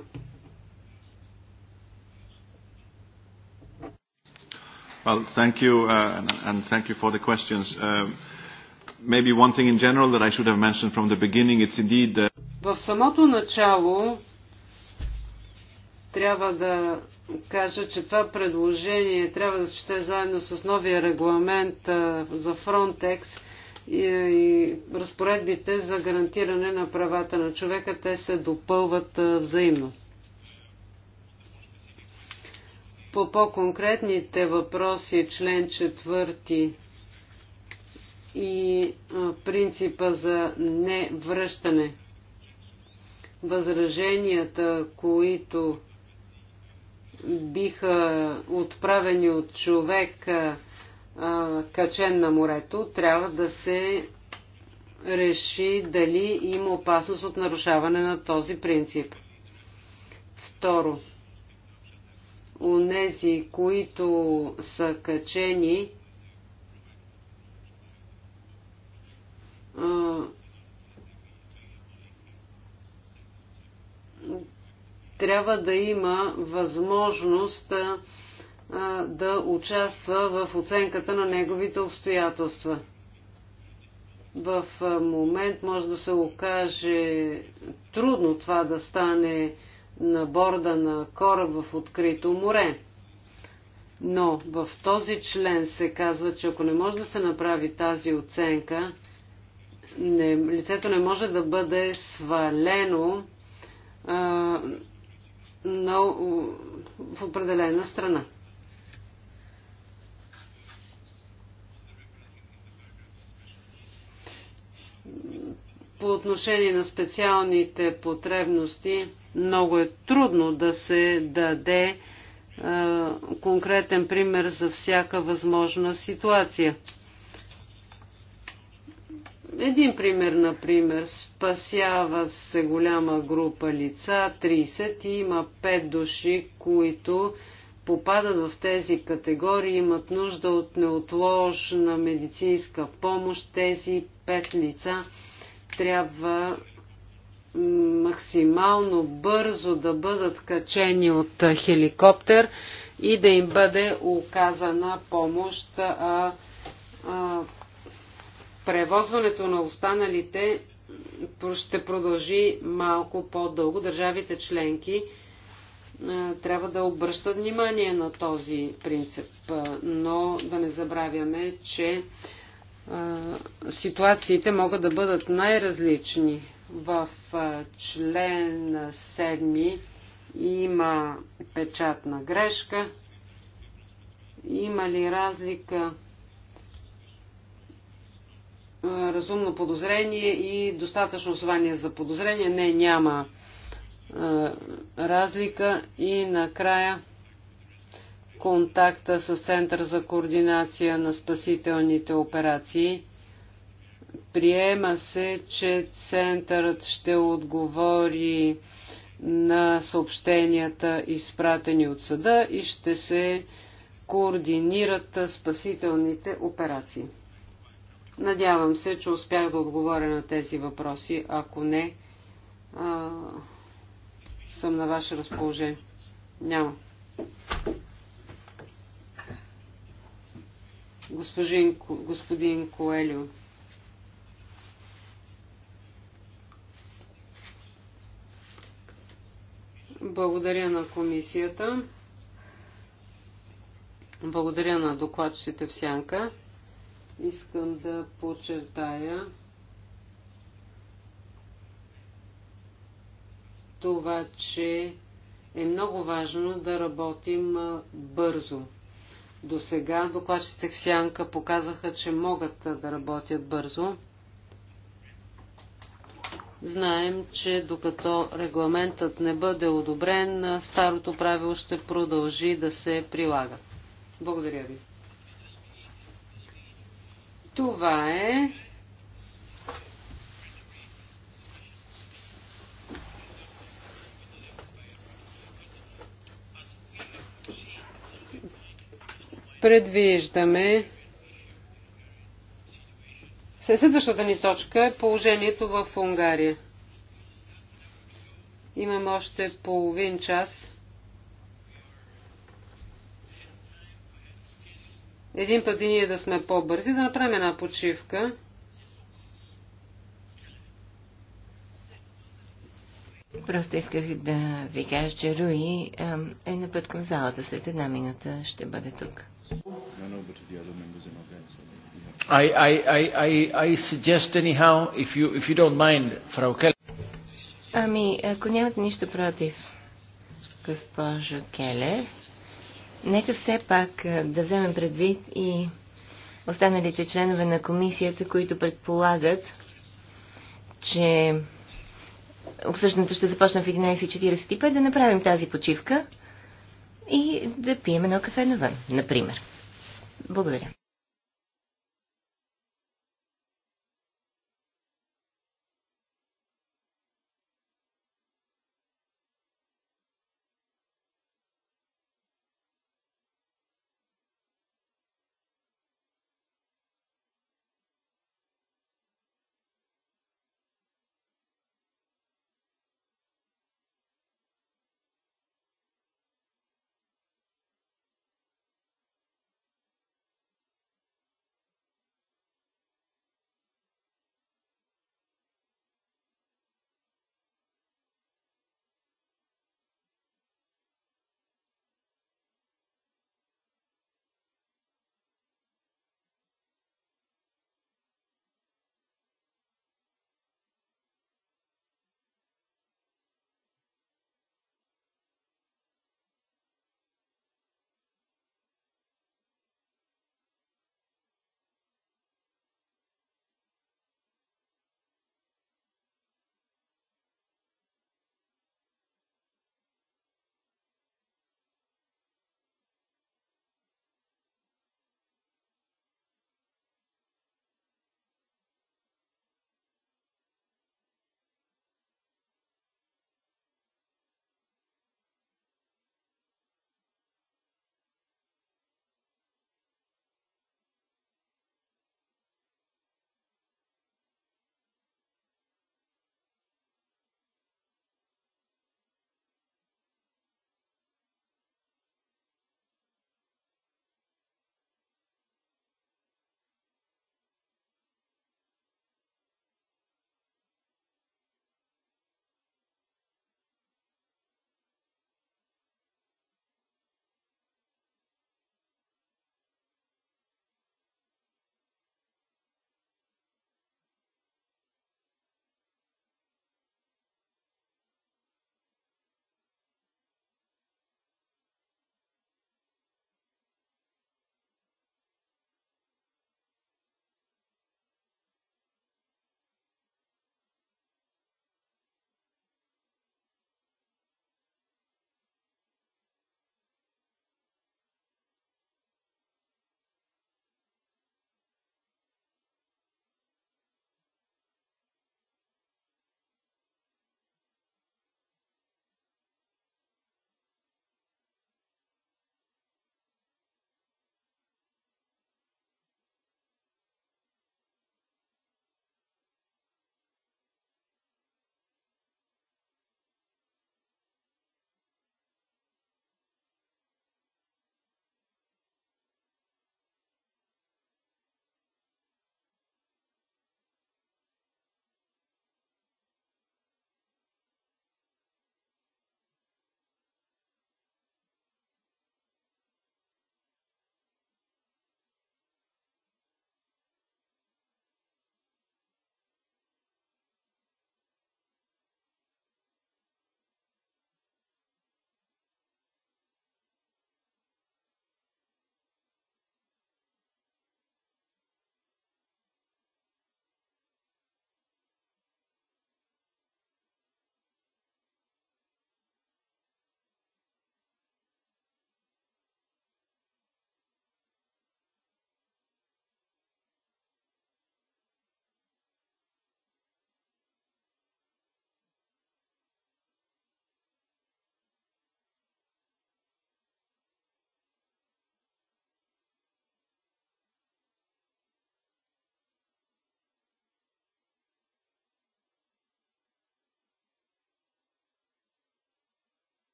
Well, thank you,
uh, and thank you for the questions. Uh, maybe one thing in general that I should have mentioned from
the beginning, it's indeed... Uh... В самото начало трябва да кажа, че това предложение трябва да се чете заедно с новия регламент за Frontex и, и разпоредбите за гарантиране на правата на човека. Те се допълват взаимно. По по-конкретните въпроси, член 4 и принципа за невръщане, възраженията, които биха отправени от човек качен на морето, трябва да се реши дали има опасност от нарушаване на този принцип. Второ, унези, които са качени, трябва да има възможност да участва в оценката на неговите обстоятелства. В момент може да се окаже трудно това да стане на борда на кораб в открито море. Но в този член се казва, че ако не може да се направи тази оценка, не, лицето не може да бъде свалено а, но в определена страна. По отношение на специалните потребности, много е трудно да се даде конкретен пример за всяка възможна ситуация. Един пример, например, спасява се голяма група лица, 30, и има 5 души, които попадат в тези категории, имат нужда от неотложна медицинска помощ. Тези 5 лица трябва максимално бързо да бъдат качени от хеликоптер и да им бъде оказана помощ. А, а, превозването на останалите ще продължи малко по-дълго. Държавите членки трябва да обръщат внимание на този принцип, но да не забравяме, че ситуациите могат да бъдат най-различни. В член 7 има печатна грешка. Има ли разлика разумно подозрение и достатъчно основание за подозрение. Не, няма разлика и накрая контакта с Център за координация на спасителните операции. Приема се, че Центърът ще отговори на съобщенията, изпратени от съда и ще се координират спасителните операции. Надявам се, че успях да отговоря на тези въпроси. Ако не, а, съм на ваше разположение. Няма. Господин, господин Коелио. Благодаря на комисията. Благодаря на докладчиците в Сянка. Искам да подчертая това, че е много важно да работим бързо. До сега докладчите в Сянка показаха, че могат да работят бързо. Знаем, че докато регламентът не бъде одобрен, старото правило ще продължи да се прилага. Благодаря ви. Това е предвиждаме Следващата ни точка е положението в Унгария. Имам още половин час. един път и ние да сме по-бързи, да направим една почивка.
Просто исках да ви кажа, че Руи е на път към залата. След една минута ще бъде тук. I, I, I, I, I suggest anyhow, if you, if you don't mind, Frau Keller. Ами, ако нямате нищо против, госпожо Келер, Нека все пак е, да вземем предвид и останалите членове на комисията, които предполагат, че обсъждането ще започне в 11.45, да направим тази почивка и да пием едно кафе навън, например. Благодаря.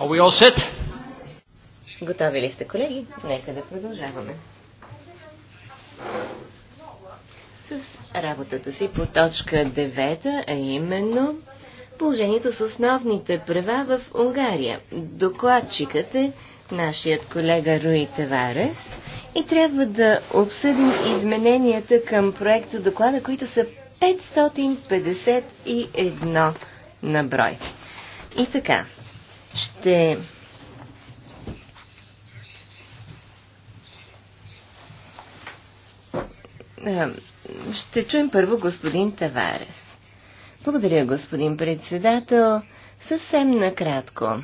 Are we all set? Готови ли сте, колеги? Нека да продължаваме. С работата си по точка 9, а именно положението с основните права в Унгария. Докладчикът е нашият колега Руи Таварес и трябва да обсъдим измененията към проекта доклада, които са 551 на брой. И така, ще е, Ще чуем първо господин Таварес. Благодаря, господин председател. Съвсем накратко.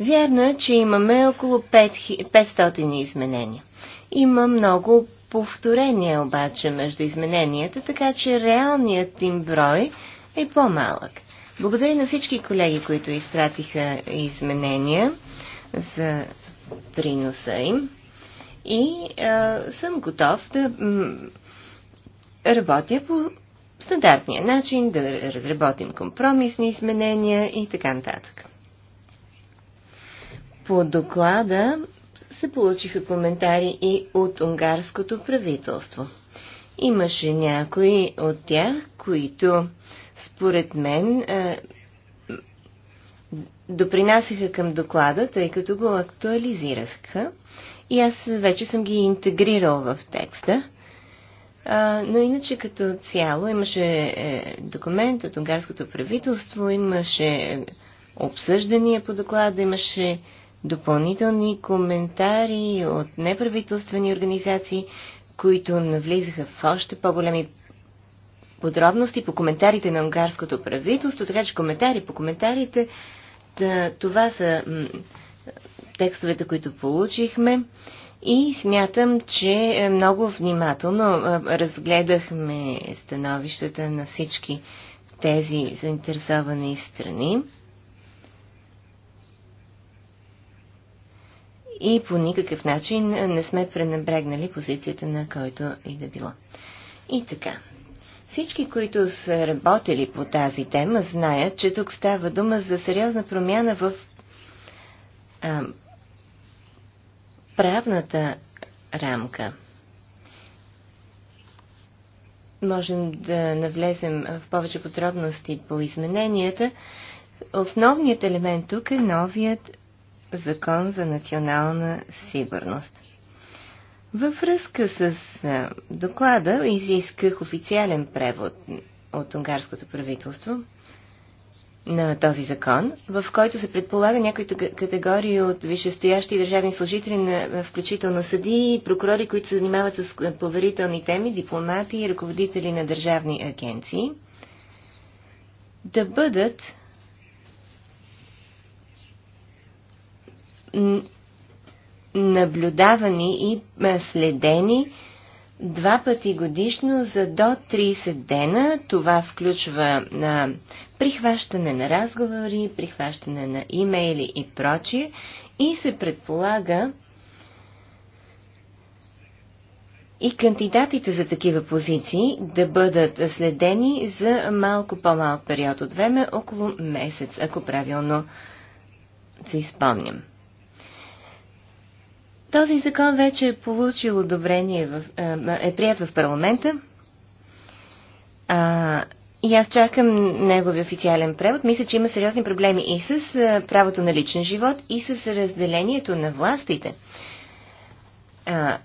Вярно е, че имаме около 500 изменения. Има много повторения обаче между измененията, така че реалният им брой е по-малък. Благодаря на всички колеги, които изпратиха изменения за приноса им. И а, съм готов да работя по стандартния начин, да разработим компромисни изменения и така нататък. По доклада се получиха коментари и от унгарското правителство. Имаше някои от тях, които според мен, е, допринасяха към доклада, тъй като го актуализираха и аз вече съм ги интегрирал в текста. но иначе като цяло имаше е, документ от унгарското правителство, имаше обсъждания по доклада, имаше допълнителни коментари от неправителствени организации, които навлизаха в още по-големи подробности по коментарите на унгарското правителство, така че коментари по коментарите, това са текстовете, които получихме и смятам, че е, много внимателно е, разгледахме становищата на всички тези заинтересовани страни. И по никакъв начин е, не сме пренебрегнали позицията на който и да било. И така, всички, които са работили по тази тема, знаят, че тук става дума за сериозна промяна в а, правната рамка. Можем да навлезем в повече подробности по измененията. Основният елемент тук е новият закон за национална сигурност. Във връзка с доклада изисках официален превод от унгарското правителство на този закон, в който се предполага някои категории от висшестоящи държавни служители, включително съди и прокурори, които се занимават с поверителни теми, дипломати и ръководители на държавни агенции, да бъдат наблюдавани и следени два пъти годишно за до 30 дена. Това включва на прихващане на разговори, прихващане на имейли и прочие. И се предполага и кандидатите за такива позиции да бъдат следени за малко по-малък период от време, около месец, ако правилно се изпълням. Този закон вече е получил одобрение, в, е, е прият в парламента. А, и аз чакам неговия официален превод. Мисля, че има сериозни проблеми и с е, правото на личен живот, и с разделението на властите. А,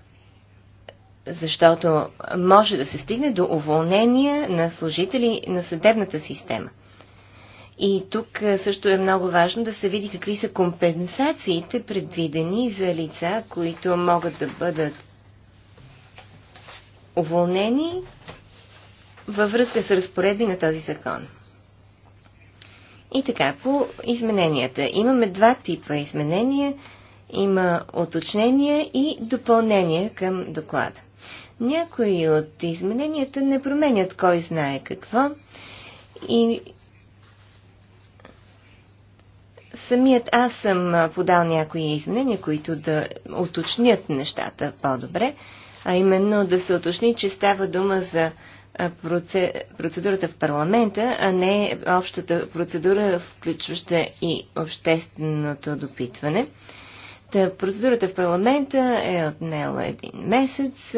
защото може да се стигне до уволнения на служители на съдебната система. И тук също е много важно да се види какви са компенсациите предвидени за лица, които могат да бъдат уволнени във връзка с разпоредби на този закон. И така, по измененията. Имаме два типа изменения. Има оточнения и допълнения към доклада. Някои от измененията не променят кой знае какво и Самият аз съм подал някои изменения, които да уточнят нещата по-добре, а именно да се уточни, че става дума за процедурата в парламента, а не общата процедура, включваща и общественото допитване. Та процедурата в парламента е отнела един месец.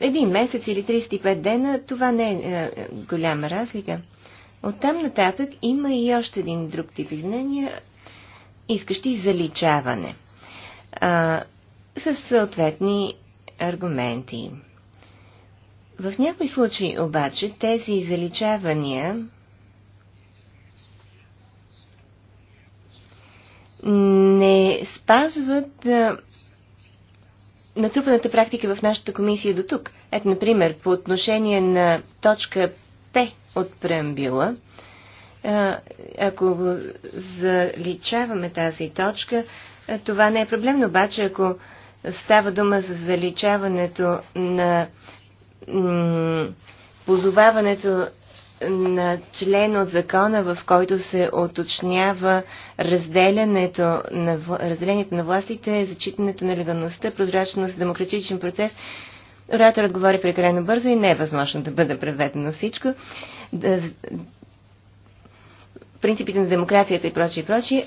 Един месец или 35 дена, това не е, е голяма разлика. Оттам нататък има и още един друг тип изменения, искащи заличаване а, с съответни аргументи. В някои случаи обаче тези заличавания не спазват а, натрупаната практика в нашата комисия до тук. Ето, например, по отношение на точка П от преамбила. Ако го заличаваме тази точка, това не е проблемно, обаче ако става дума за заличаването на позоваването на член от закона, в който се оточнява разделянето на, разделението на властите, зачитането на легалността, прозрачност, демократичен процес, Ораторът говори прекалено бързо и не е възможно да бъде преведено всичко. Принципите на демокрацията и прочие, и прочие.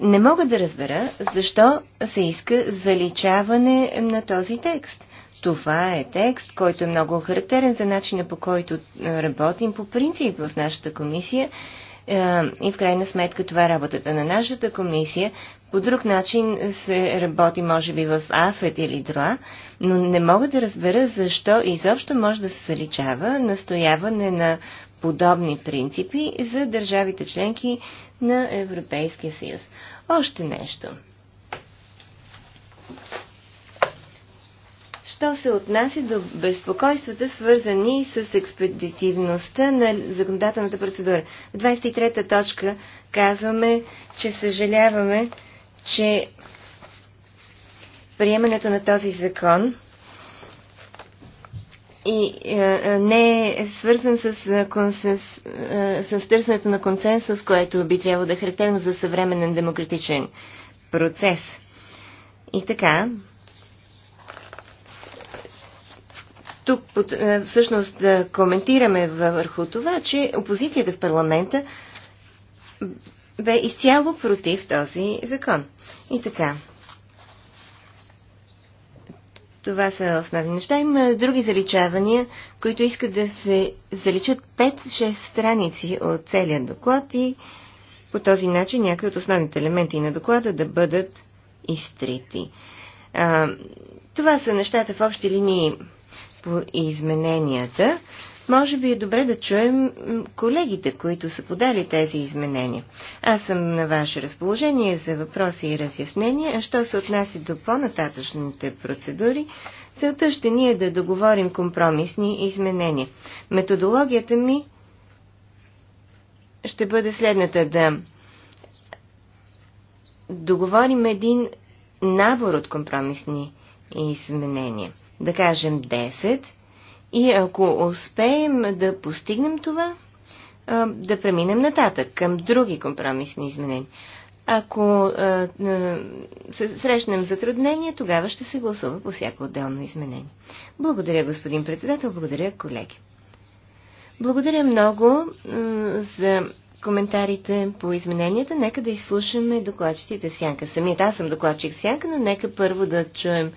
Не мога да разбера защо се иска заличаване на този текст. Това е текст, който е много характерен за начина по който работим по принцип в нашата комисия. И в крайна сметка това е работата на нашата комисия по друг начин се работи, може би, в Афет или Дроа, но не мога да разбера защо изобщо може да се заличава настояване на подобни принципи за държавите членки на Европейския съюз. Още нещо. Що се отнася до безпокойствата, свързани с експедитивността на законодателната процедура? В 23-та точка казваме, че съжаляваме, че приемането на този закон и е, е не е свързан с, е, консенс, е, с търсенето на консенсус, което би трябвало да е характерно за съвременен демократичен процес. И така, тук е, всъщност коментираме върху това, че опозицията в парламента бе изцяло против този закон. И така. Това са основни неща. Има други заличавания, които искат да се заличат 5-6 страници от целия доклад и по този начин някои от основните елементи на доклада да бъдат изтрити. А, това са нещата в общи линии по измененията. Може би е добре да чуем колегите, които са подали тези изменения. Аз съм на ваше разположение за въпроси и разяснения, а що се отнася до по-нататъчните процедури, целта ще ни е да договорим компромисни изменения. Методологията ми ще бъде следната да договорим един набор от компромисни изменения. Да кажем 10, и ако успеем да постигнем това, да преминем нататък към други компромисни изменения. Ако се срещнем затруднение, тогава ще се гласува по всяко отделно изменение. Благодаря, господин председател, благодаря, колеги. Благодаря много за коментарите по измененията. Нека да изслушаме докладчиците в сянка. Самият аз съм докладчик сянка, но нека първо да чуем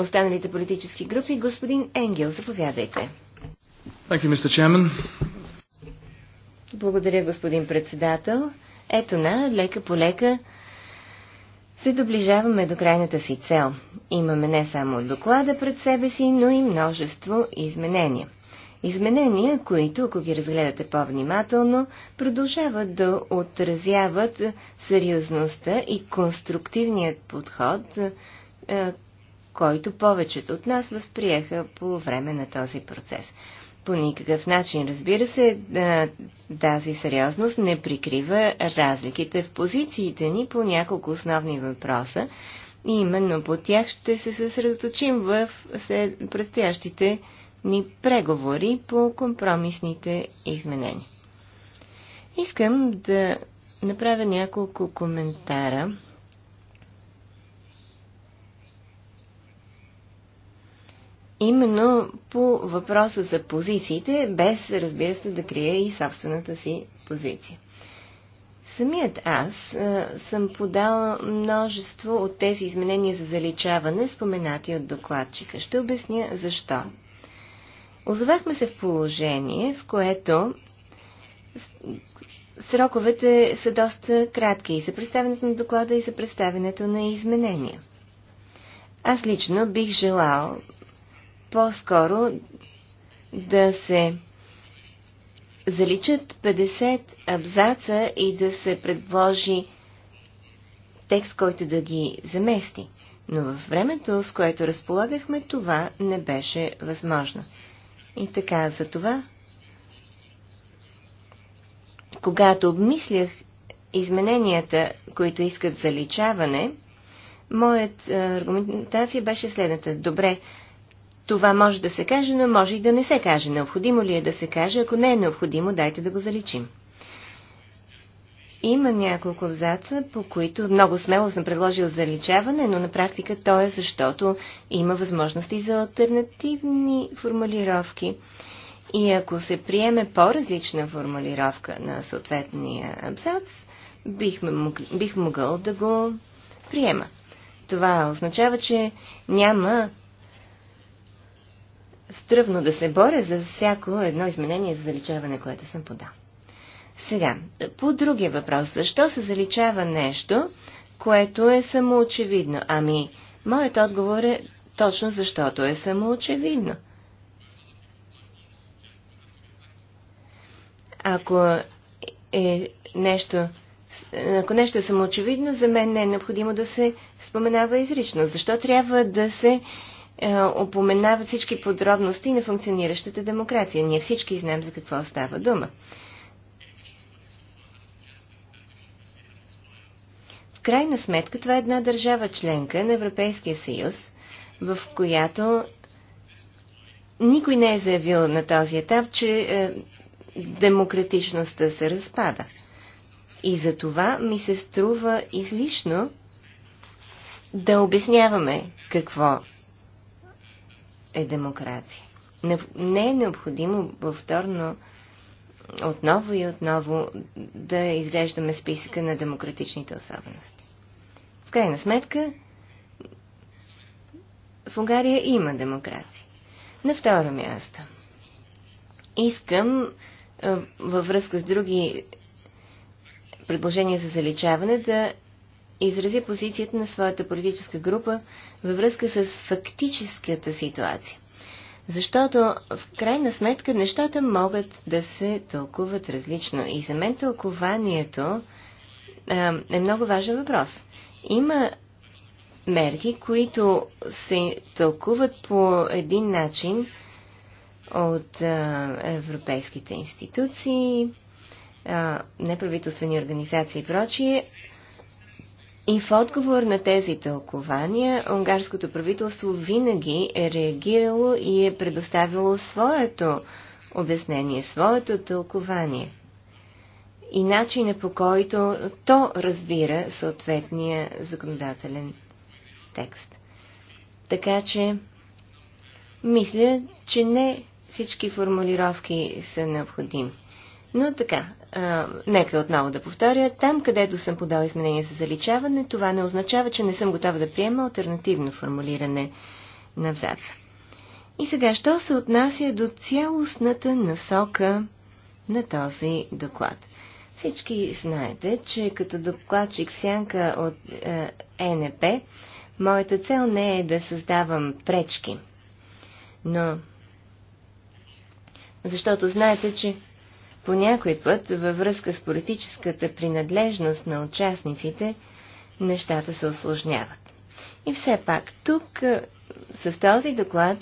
останалите политически групи. Господин Енгел, заповядайте. Thank you, Mr. Chairman. Благодаря, господин председател. Ето на, лека по лека се доближаваме до крайната си цел. Имаме не само доклада пред себе си, но и множество изменения. Изменения, които, ако ги разгледате по-внимателно, продължават да отразяват сериозността и конструктивният подход, който повечето от нас възприеха по време на този процес. По никакъв начин, разбира се, тази сериозност не прикрива разликите в позициите ни по няколко основни въпроса и именно по тях ще се съсредоточим в предстоящите ни преговори по компромисните изменения. Искам да направя няколко коментара именно по въпроса за позициите, без, разбира се, да крия и собствената си позиция. Самият аз а, съм подала множество от тези изменения за заличаване, споменати от докладчика. Ще обясня защо. Озовахме се в положение, в което сроковете са доста кратки и за представянето на доклада, и за представянето на изменения. Аз лично бих желал по-скоро да се заличат 50 абзаца и да се предложи текст, който да ги замести. Но във времето, с което разполагахме, това не беше възможно. И така, за това, когато обмислях измененията, които искат заличаване, моят е, аргументация беше следната. Добре, това може да се каже, но може и да не се каже. Необходимо ли е да се каже? Ако не е необходимо, дайте да го заличим. Има няколко абзаца, по които много смело съм предложил заличаване, но на практика то е защото има възможности за альтернативни формулировки. И ако се приеме по-различна формулировка на съответния абзац, бих, мог, бих могъл да го приема. Това означава, че няма стръвно да се боря за всяко едно изменение за заличаване, което съм подал. Сега, по другия въпрос, защо се заличава нещо, което е самоочевидно? Ами, моят отговор е точно защото е самоочевидно. Ако е нещо, ако нещо е самоочевидно, за мен не е необходимо да се споменава изрично. Защо трябва да се е, упоменава всички подробности на функциониращата демокрация. Ние всички знаем за какво става дума. В крайна сметка това е една държава членка на Европейския съюз, в която никой не е заявил на този етап, че е, демократичността се разпада. И за това ми се струва излишно да обясняваме какво е демокрация. Не е необходимо повторно отново и отново да изглеждаме списъка на демократичните особености. В крайна сметка, в Унгария има демокрация. На второ място. Искам във връзка с други предложения за заличаване да изрази позицията на своята политическа група във връзка с фактическата ситуация. Защото в крайна сметка нещата могат да се тълкуват различно. И за мен тълкованието а, е много важен въпрос. Има мерки, които се тълкуват по един начин от а, европейските институции, а, неправителствени организации и прочие, и в отговор на тези тълкования, унгарското правителство винаги е реагирало и е предоставило своето обяснение, своето тълкование и начина по който то разбира съответния законодателен текст. Така че, мисля, че не всички формулировки са необходими. Но така, а, нека отново да повторя, там където съм подал изменение за заличаване, това не означава, че не съм готова да приема альтернативно формулиране на взаца. И сега, що се отнася до цялостната насока на този доклад? Всички знаете, че като докладчик сянка от е, ЕНП, моята цел не е да създавам пречки. Но защото знаете, че по някой път, във връзка с политическата принадлежност на участниците, нещата се осложняват. И все пак, тук с този доклад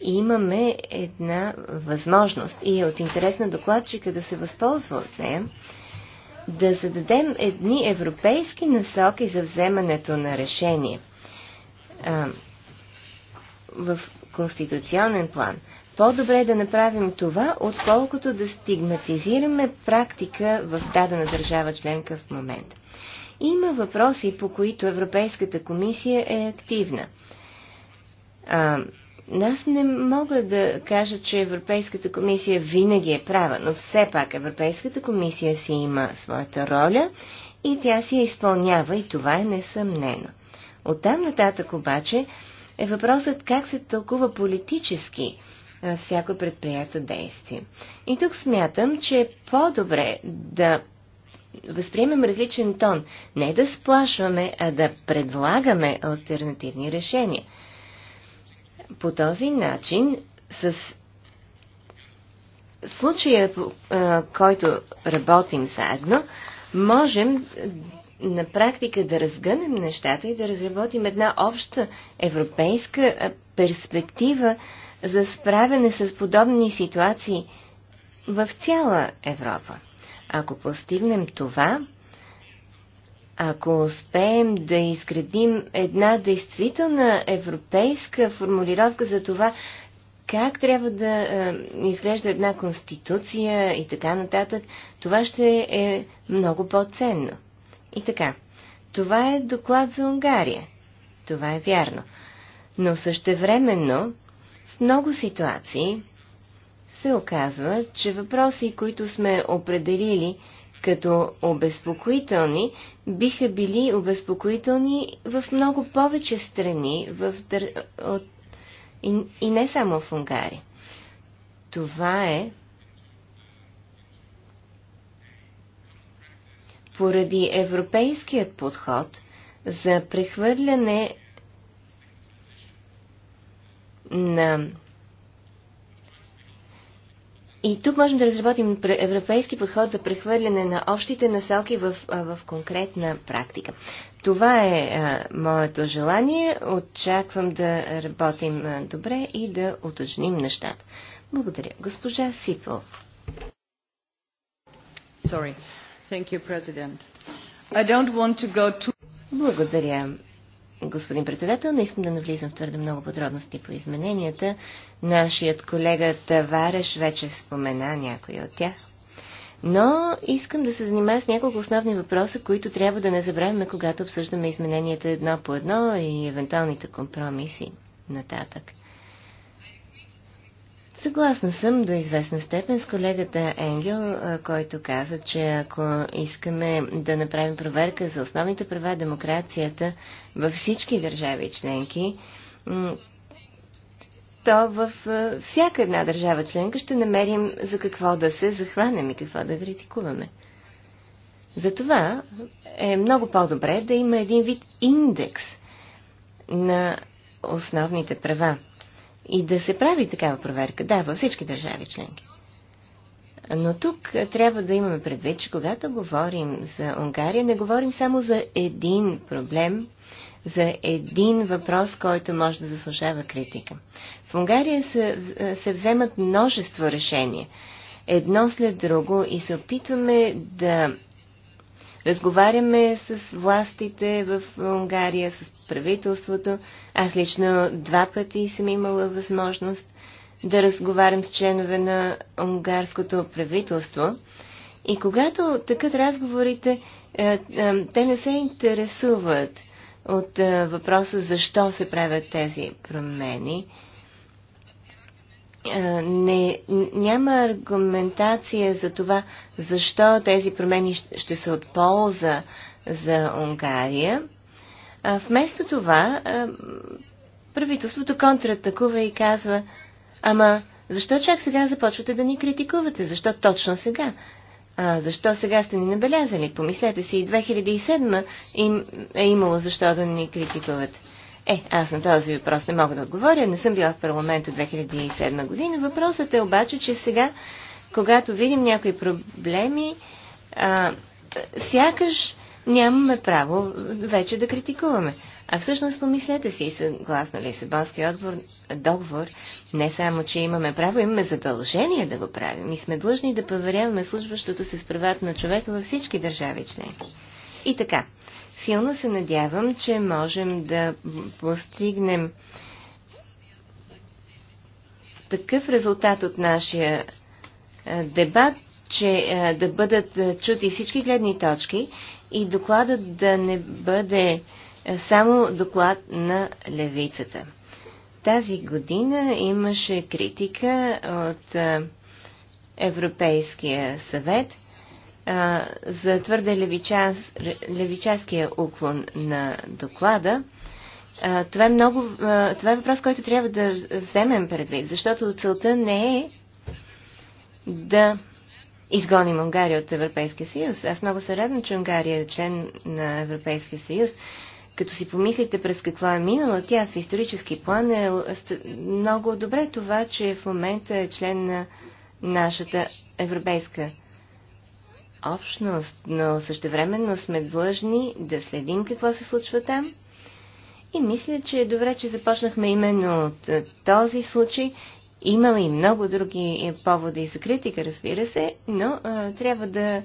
имаме една възможност и е от интерес на докладчика да се възползва от нея, да зададем едни европейски насоки за вземането на решение а, в конституционен план – по-добре е да направим това, отколкото да стигматизираме практика в дадена държава членка в момента. Има въпроси, по които Европейската комисия е активна. А, аз не мога да кажа, че Европейската комисия винаги е права, но все пак Европейската комисия си има своята роля и тя си я изпълнява и това е несъмнено. Оттам нататък обаче е въпросът как се тълкува политически всяко предприято действие. И тук смятам, че е по-добре да възприемем различен тон. Не да сплашваме, а да предлагаме альтернативни решения. По този начин, с случая, по който работим заедно, можем на практика да разгънем нещата и да разработим една обща европейска перспектива за справяне с подобни ситуации в цяла Европа. Ако постигнем това, ако успеем да изградим една действителна европейска формулировка за това, как трябва да е, изглежда една конституция и така нататък, това ще е много по-ценно. И така, това е доклад за Унгария. Това е вярно. Но същевременно в много ситуации се оказва, че въпроси, които сме определили като обезпокоителни, биха били обезпокоителни в много повече страни в, от, и, и не само в Унгария. Това е поради европейският подход за прехвърляне на и тук можем да разработим европейски подход за прехвърляне на общите насоки в, в конкретна практика. Това е а, моето желание. Очаквам да работим а, добре и да уточним нещата. Благодаря. Госпожа Сипо. Sorry. Thank you, President. I don't want to go to... Благодаря господин председател. Не искам да навлизам в твърде много подробности по измененията. Нашият колега Тавареш вече спомена някои от тях. Но искам да се занимая с няколко основни въпроса, които трябва да не забравяме, когато обсъждаме измененията едно по едно и евентуалните компромиси нататък. Съгласна съм до известна степен с колегата Енгел, който каза, че ако искаме да направим проверка за основните права и демокрацията във всички държави и членки, то във всяка една държава членка ще намерим за какво да се захванем и какво да критикуваме. Затова е много по-добре да има един вид индекс на основните права и да се прави такава проверка. Да, във всички държави членки. Но тук е, трябва да имаме предвид, че когато говорим за Унгария, не говорим само за един проблем, за един въпрос, който може да заслужава критика. В Унгария се, е, се вземат множество решения, едно след друго, и се опитваме да Разговаряме с властите в Унгария, с правителството. Аз лично два пъти съм имала възможност да разговарям с членове на унгарското правителство. И когато такът разговорите, е, е, те не се интересуват от е, въпроса защо се правят тези промени, е, не, няма аргументация за това, защо тези промени ще са от полза за Унгария. А вместо това, е, правителството контратакува и казва, ама защо чак сега започвате да ни критикувате? Защо точно сега? А, защо сега сте ни набелязали? Помислете си, и 2007 им е имало защо да ни критикувате. Е, аз на този въпрос не мога да отговоря. Не съм била в парламента 2007 година. Въпросът е обаче, че сега, когато видим някои проблеми, а, сякаш нямаме право вече да критикуваме. А всъщност помислете си, съгласно Лисабонския отбор, договор, не само, че имаме право, имаме задължение да го правим и сме длъжни да проверяваме случващото се с правата на човека във всички държави членки. И така, Силно се надявам, че можем да постигнем такъв резултат от нашия дебат, че да бъдат чути всички гледни точки и докладът да не бъде само доклад на левицата. Тази година имаше критика от Европейския съвет – за твърде Левичаския уклон на доклада. това, е много, това е въпрос, който трябва да вземем предвид, защото целта не е да изгоним Унгария от Европейския съюз. Аз много се радвам, че Унгария е член на Европейския съюз. Като си помислите през какво е минала, тя в исторически план е много добре това, че в момента е член на нашата Европейска общност, но същевременно сме длъжни да следим какво се случва там. И мисля, че е добре, че започнахме именно от е, този случай. Има и много други е, поводи за критика, разбира се, но а, е, трябва да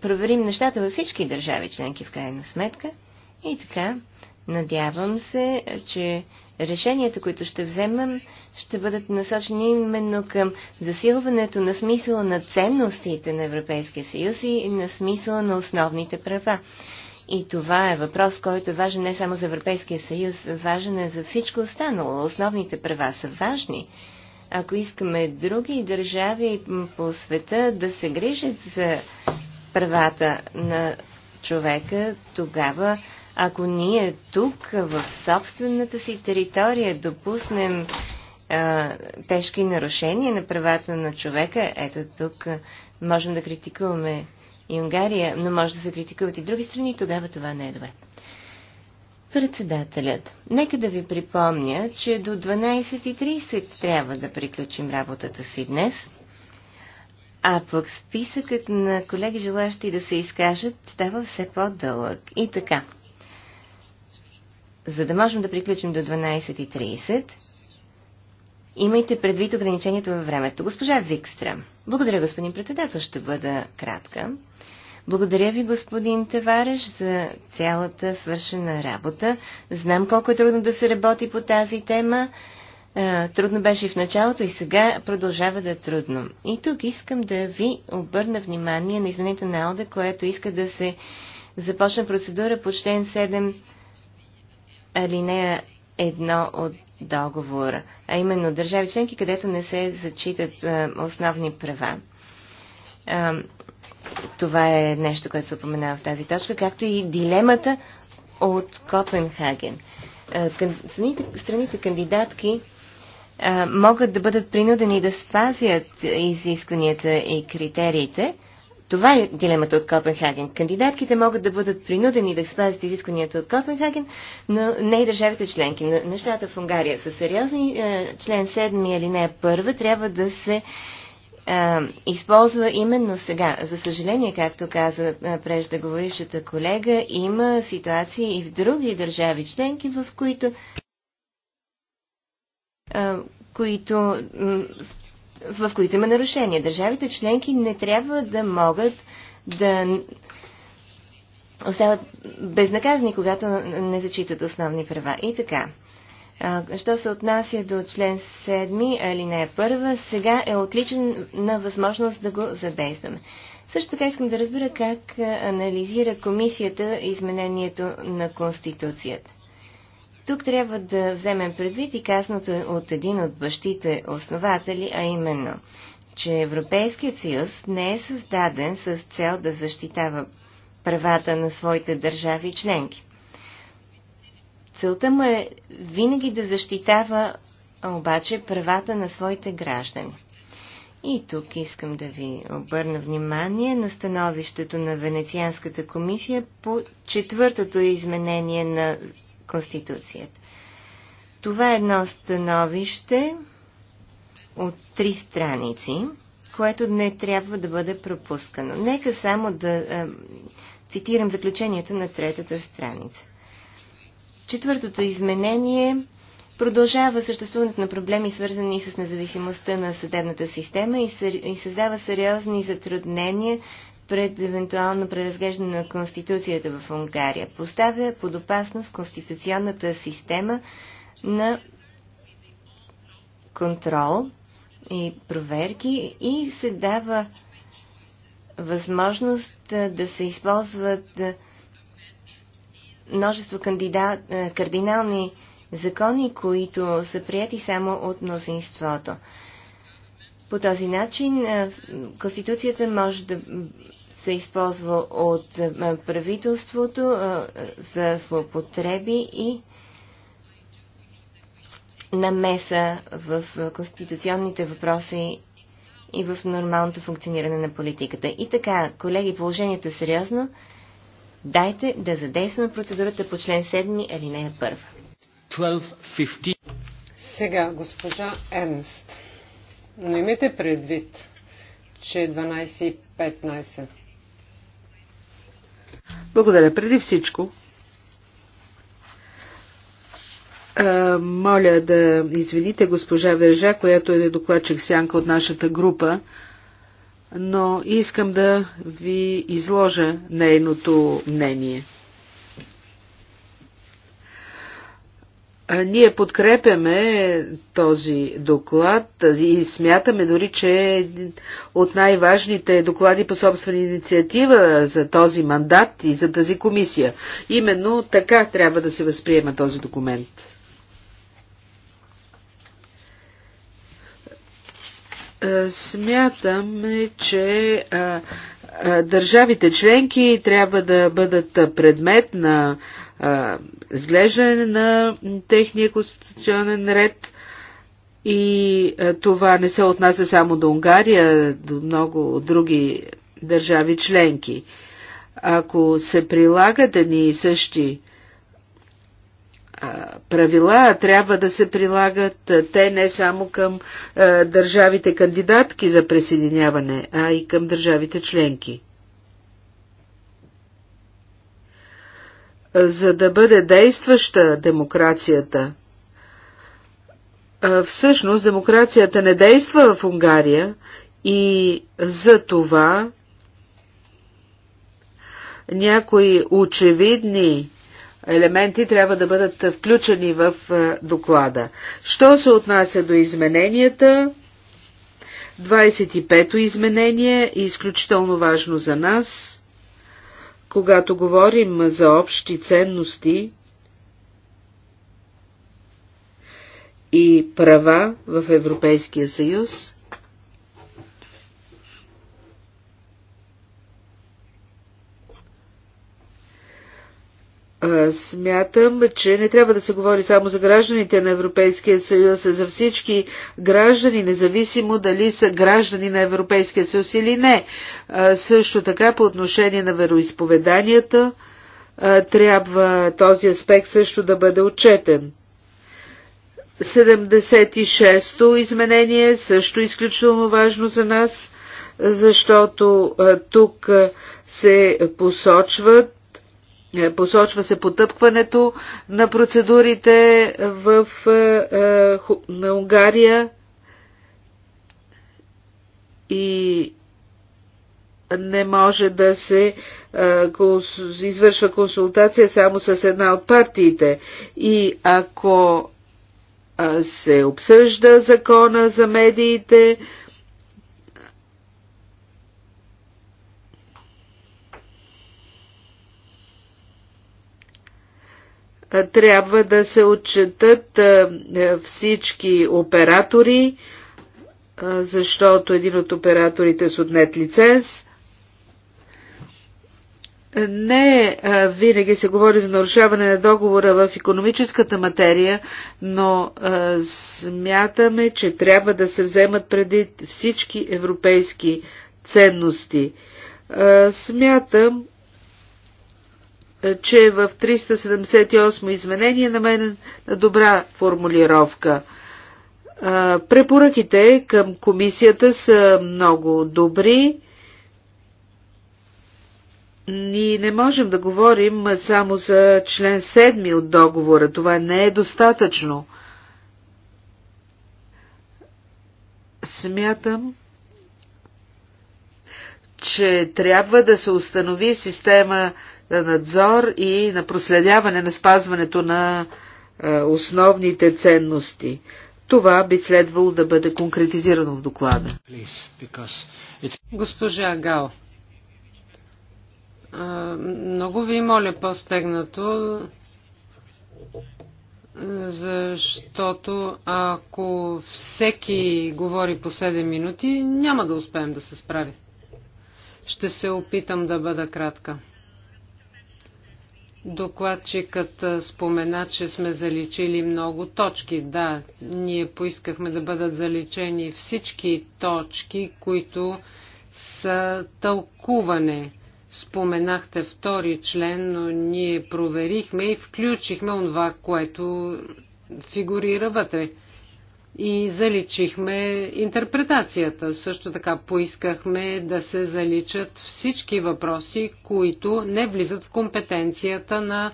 проверим нещата във всички държави членки в крайна сметка. И така, надявам се, че решенията, които ще вземам, ще бъдат насочени именно към засилването на смисъла на ценностите на Европейския съюз и на смисъла на основните права. И това е въпрос, който е важен не само за Европейския съюз, важен е за всичко останало. Основните права са важни. Ако искаме други държави по света да се грижат за правата на човека, тогава ако ние тук, в собствената си територия, допуснем а, тежки нарушения на правата на човека, ето тук а, можем да критикуваме и Унгария, но може да се критикуват и други страни, тогава това не е добре. Председателят, нека да ви припомня, че до 12.30 трябва да приключим работата си днес, а пък списъкът на колеги, желащи да се изкажат, става все по-дълъг. И така за да можем да приключим до 12.30, имайте предвид ограничението във времето. Госпожа Викстра, Благодаря, господин председател. Ще бъда кратка. Благодаря ви, господин Тавареш, за цялата свършена работа. Знам колко е трудно да се работи по тази тема. Е, трудно беше в началото и сега продължава да е трудно. И тук искам да ви обърна внимание на изменението на Алда, което иска да се започне процедура по член 7 алинея едно от договора, а именно държави членки, където не се зачитат е, основни права. Е, това е нещо, което се упоменава в тази точка, както и дилемата от Копенхаген. Е, страните, страните кандидатки могат да бъдат принудени да спазят изискванията и критериите, това е дилемата от Копенхаген. Кандидатките могат да бъдат принудени да спазят изискванията от Копенхаген, но не и държавите членки. Нещата в Унгария са сериозни. Е, член 7 или не 1 трябва да се а, е, използва именно сега. За съжаление, както каза е, преждеговорившата колега, има ситуации и в други държави членки, в които които в които има нарушения. Държавите членки не трябва да могат да остават безнаказани, когато не зачитат основни права. И така. Що се отнася до член 7, алинея 1, сега е отличен на възможност да го задействаме. Също така искам да разбера как анализира комисията изменението на Конституцията. Тук трябва да вземем предвид и казаното от един от бащите основатели, а именно, че Европейският съюз не е създаден с цел да защитава правата на своите държави членки. Целта му е винаги да защитава обаче правата на своите граждани. И тук искам да ви обърна внимание на становището на Венецианската комисия по четвъртото изменение на Конституцията. Това е едно становище от три страници, което не трябва да бъде пропускано. Нека само да е, цитирам заключението на третата страница. Четвъртото изменение продължава съществуването на проблеми, свързани с независимостта на съдебната система и, сър... и създава сериозни затруднения пред евентуално преразглеждане на Конституцията в Унгария. Поставя под опасност конституционната система на контрол и проверки и се дава възможност да се използват множество кандидат, кардинални закони, които са прияти само от мнозинството. По този начин Конституцията може да се използва от правителството за злоупотреби и намеса в конституционните въпроси и в нормалното функциониране на политиката. И така, колеги, положението е сериозно. Дайте да задействаме процедурата по член 7, алинея 1. Сега, госпожа Ернст. Но имайте предвид,
че 12 е и 15.
Благодаря. Преди всичко, моля да извините госпожа Вержа, която е докладчик сянка от нашата група, но искам да ви изложа нейното мнение. Ние подкрепяме този доклад и смятаме дори, че е от най-важните доклади по собствена инициатива за този мандат и за тази комисия. Именно така трябва да се възприема този документ. Смятаме, че държавите членки трябва да бъдат предмет на разглеждане на техния конституционен ред. И това не се отнася само до Унгария, до много други държави членки. Ако се прилагат едни и същи правила, трябва да се прилагат те не само към държавите кандидатки за присъединяване, а и към държавите членки. за да бъде действаща демокрацията. Всъщност демокрацията не действа в Унгария и за това някои очевидни елементи трябва да бъдат включени в доклада. Що се отнася до измененията? 25-то изменение е изключително важно за нас. Когато говорим за общи ценности и права в Европейския съюз, Смятам, че не трябва да се говори само за гражданите на Европейския съюз, а за всички граждани, независимо дали са граждани на Европейския съюз или не. Също така по отношение на вероисповеданията трябва този аспект също да бъде отчетен. 76-то изменение е също изключително важно за нас, защото тук се посочват е, посочва се потъпкването на процедурите в е, е, на Унгария и не може да се извършва консултация само с една от партиите. И ако се обсъжда закона за медиите, трябва да се отчетат е, всички оператори, защото един от операторите с отнет лиценз. Не винаги се говори за нарушаване на договора в економическата материя, но смятаме, че трябва да се вземат преди всички европейски ценности. Смятам, е, че в 378 изменение на мен е на добра формулировка. Е, препоръките към комисията са много добри. Ни не можем да говорим само за член 7 от договора. Това не е достатъчно. Смятам, че трябва да се установи система надзор и на проследяване на спазването на е, основните ценности. Това би следвало да бъде конкретизирано в доклада.
Госпожа Гал, много ви моля по-стегнато, защото ако всеки говори по 7 минути, няма да успеем да се справи. Ще се опитам да бъда кратка. Докладчикът спомена, че сме заличили много точки. Да, ние поискахме да бъдат заличени всички точки, които са тълкуване. Споменахте втори член, но ние проверихме и включихме това, което фигурира вътре и заличихме интерпретацията. Също така поискахме да се заличат всички въпроси, които не влизат в компетенцията на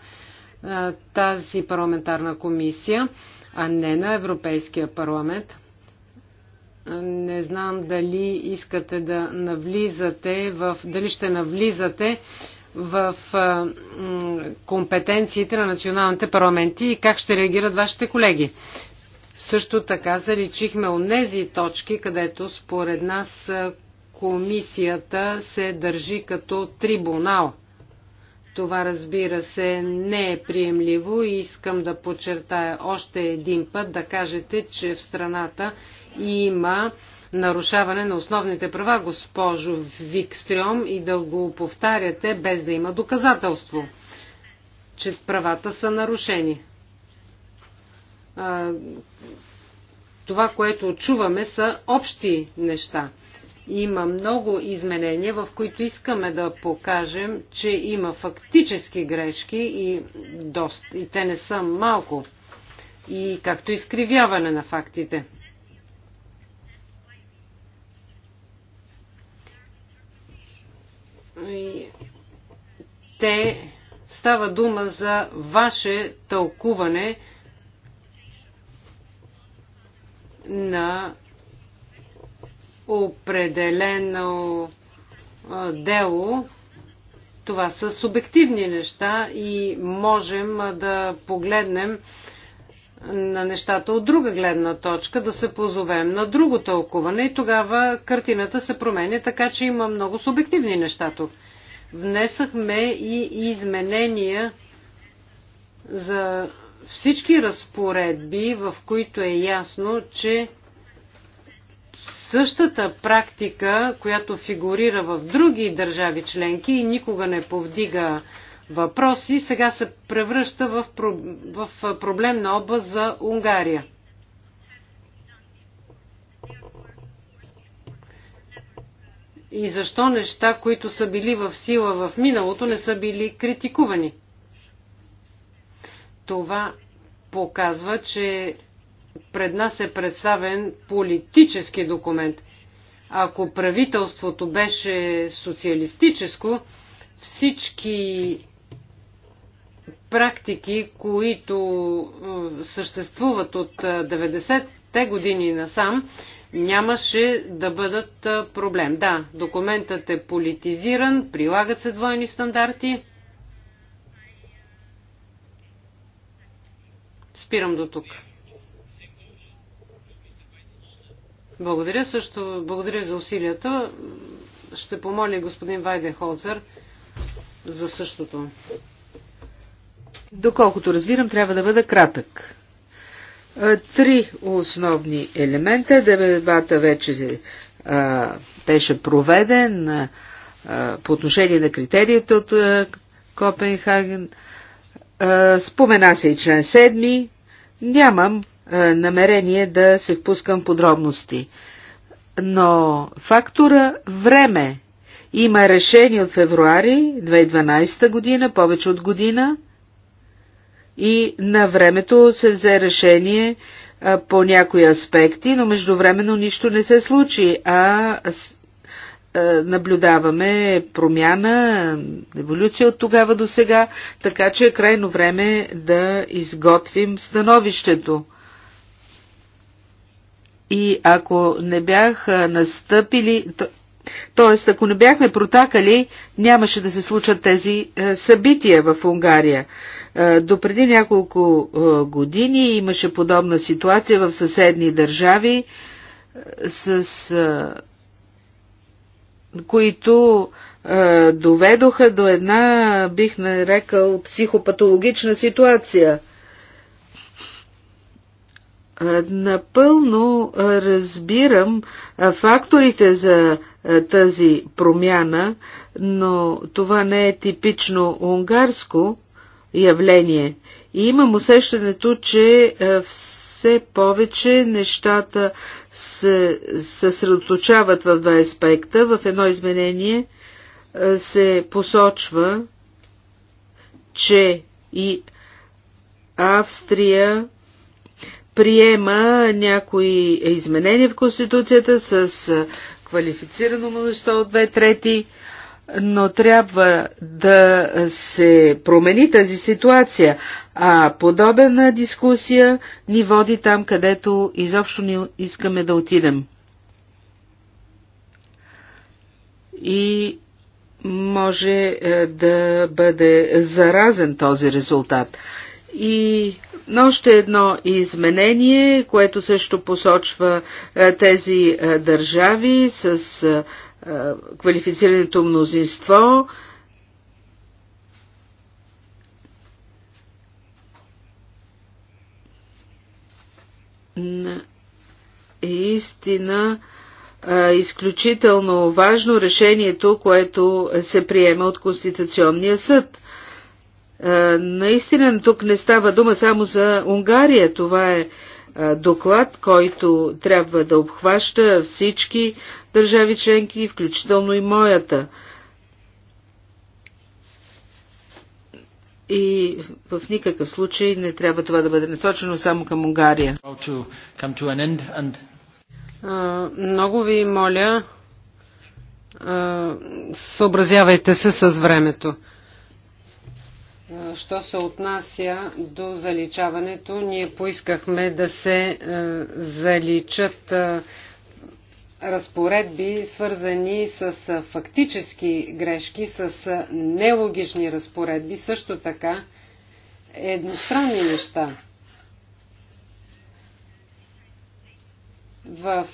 а, тази парламентарна комисия, а не на Европейския парламент. Не знам дали искате да навлизате в, дали ще навлизате в а, компетенциите на националните парламенти и как ще реагират вашите колеги. Също така заличихме тези точки, където според нас комисията се държи като трибунал. Това разбира се не е приемливо и искам да подчертая още един път да кажете, че в страната има нарушаване на основните права, госпожо Викстрем, и да го повтаряте без да има доказателство, че правата са нарушени това, което чуваме, са общи неща. Има много изменения, в които искаме да покажем, че има фактически грешки и, дост, и те не са малко. И както изкривяване на фактите. И те става дума за ваше тълкуване на определено дело. Това са субективни неща и можем да погледнем на нещата от друга гледна точка, да се позовем на друго тълкуване и тогава картината се променя, така че има много субективни неща тук. Внесахме и изменения за всички разпоредби, в които е ясно, че същата практика, която фигурира в други държави членки и никога не повдига въпроси, сега се превръща в, проблемна област за Унгария. И защо неща, които са били в сила в миналото, не са били критикувани? Това показва, че пред нас е представен политически документ. Ако правителството беше социалистическо, всички практики, които е, съществуват от 90-те е, години насам, нямаше да бъдат е, проблем. Да, документът е политизиран, прилагат се двойни стандарти, Спирам до тук. Благодаря също. Благодаря за усилията. Ще помоля господин Вайденхолцер за същото.
Доколкото разбирам, трябва да бъда кратък. Три основни елемента. Дебата вече а, беше проведен а, по отношение на критериите от а, Копенхаген. А, е, спомена се и член 7. Нямам е, намерение да се впускам подробности. Но фактора време има решение от февруари 2012 година, повече от година, и на времето се взе решение е, по някои аспекти, но междувременно нищо не се случи, а е, наблюдаваме промяна, еволюция от тогава до сега, така че е крайно време да изготвим становището. И ако не бяха настъпили, т.е. ако не бяхме протакали, нямаше да се случат тези е, събития в Унгария. Е, до преди няколко години имаше подобна ситуация в съседни държави с които е, доведоха до една, бих нарекал, психопатологична ситуация. Е, напълно е, разбирам е, факторите за тази промяна, но това не е типично унгарско явление. И имам усещането, че все повече нещата се съсредоточават в два аспекта. В едно изменение се посочва, че и Австрия приема някои изменения в Конституцията с квалифицирано мнозинство от две трети но трябва да се промени тази ситуация, а подобена дискусия ни води там, където изобщо ни искаме да отидем. И може е, да бъде заразен този резултат. И още едно изменение, което също посочва е, тези е, държави с е, квалифицираното мнозинство. Истина е, изключително важно решението, което се приема от Конституционния съд. Е, наистина тук не става дума само за Унгария. Това е доклад, който трябва да обхваща всички държави членки, включително и моята. И в никакъв случай не трябва това да бъде насочено само към Унгария.
Много ви моля, съобразявайте се с времето. Що се отнася до заличаването, ние поискахме да се заличат разпоредби, свързани с фактически грешки, с нелогични разпоредби, също така едностранни неща. В,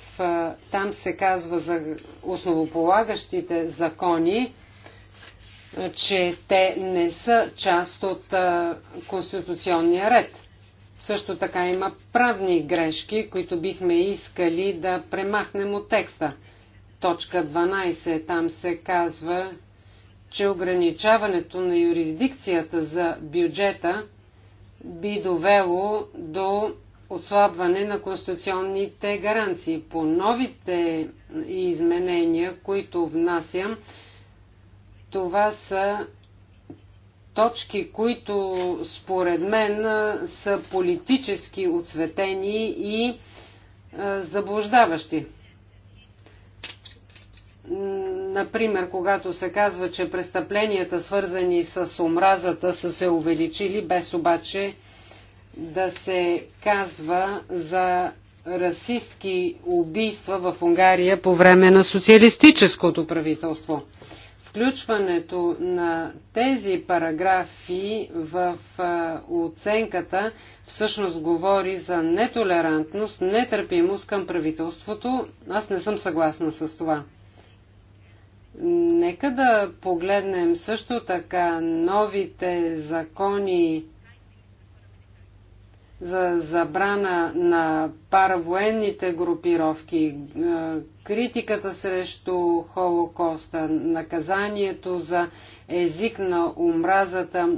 там се казва за основополагащите закони, че те не са част от конституционния ред. Също така има правни грешки, които бихме искали да премахнем от текста. Точка 12. Там се казва, че ограничаването на юрисдикцията за бюджета би довело до отслабване на конституционните гаранции. По новите изменения, които внасям, това са точки, които според мен са политически отсветени и заблуждаващи. Например, когато се казва, че престъпленията, свързани с омразата, са се увеличили, без обаче да се казва за расистки убийства в Унгария по време на социалистическото правителство включването на тези параграфи в оценката всъщност говори за нетолерантност, нетърпимост към правителството. Аз не съм съгласна с това. Нека да погледнем също така новите закони за забрана на паравоенните групировки, е, критиката срещу Холокоста, наказанието за език на омразата.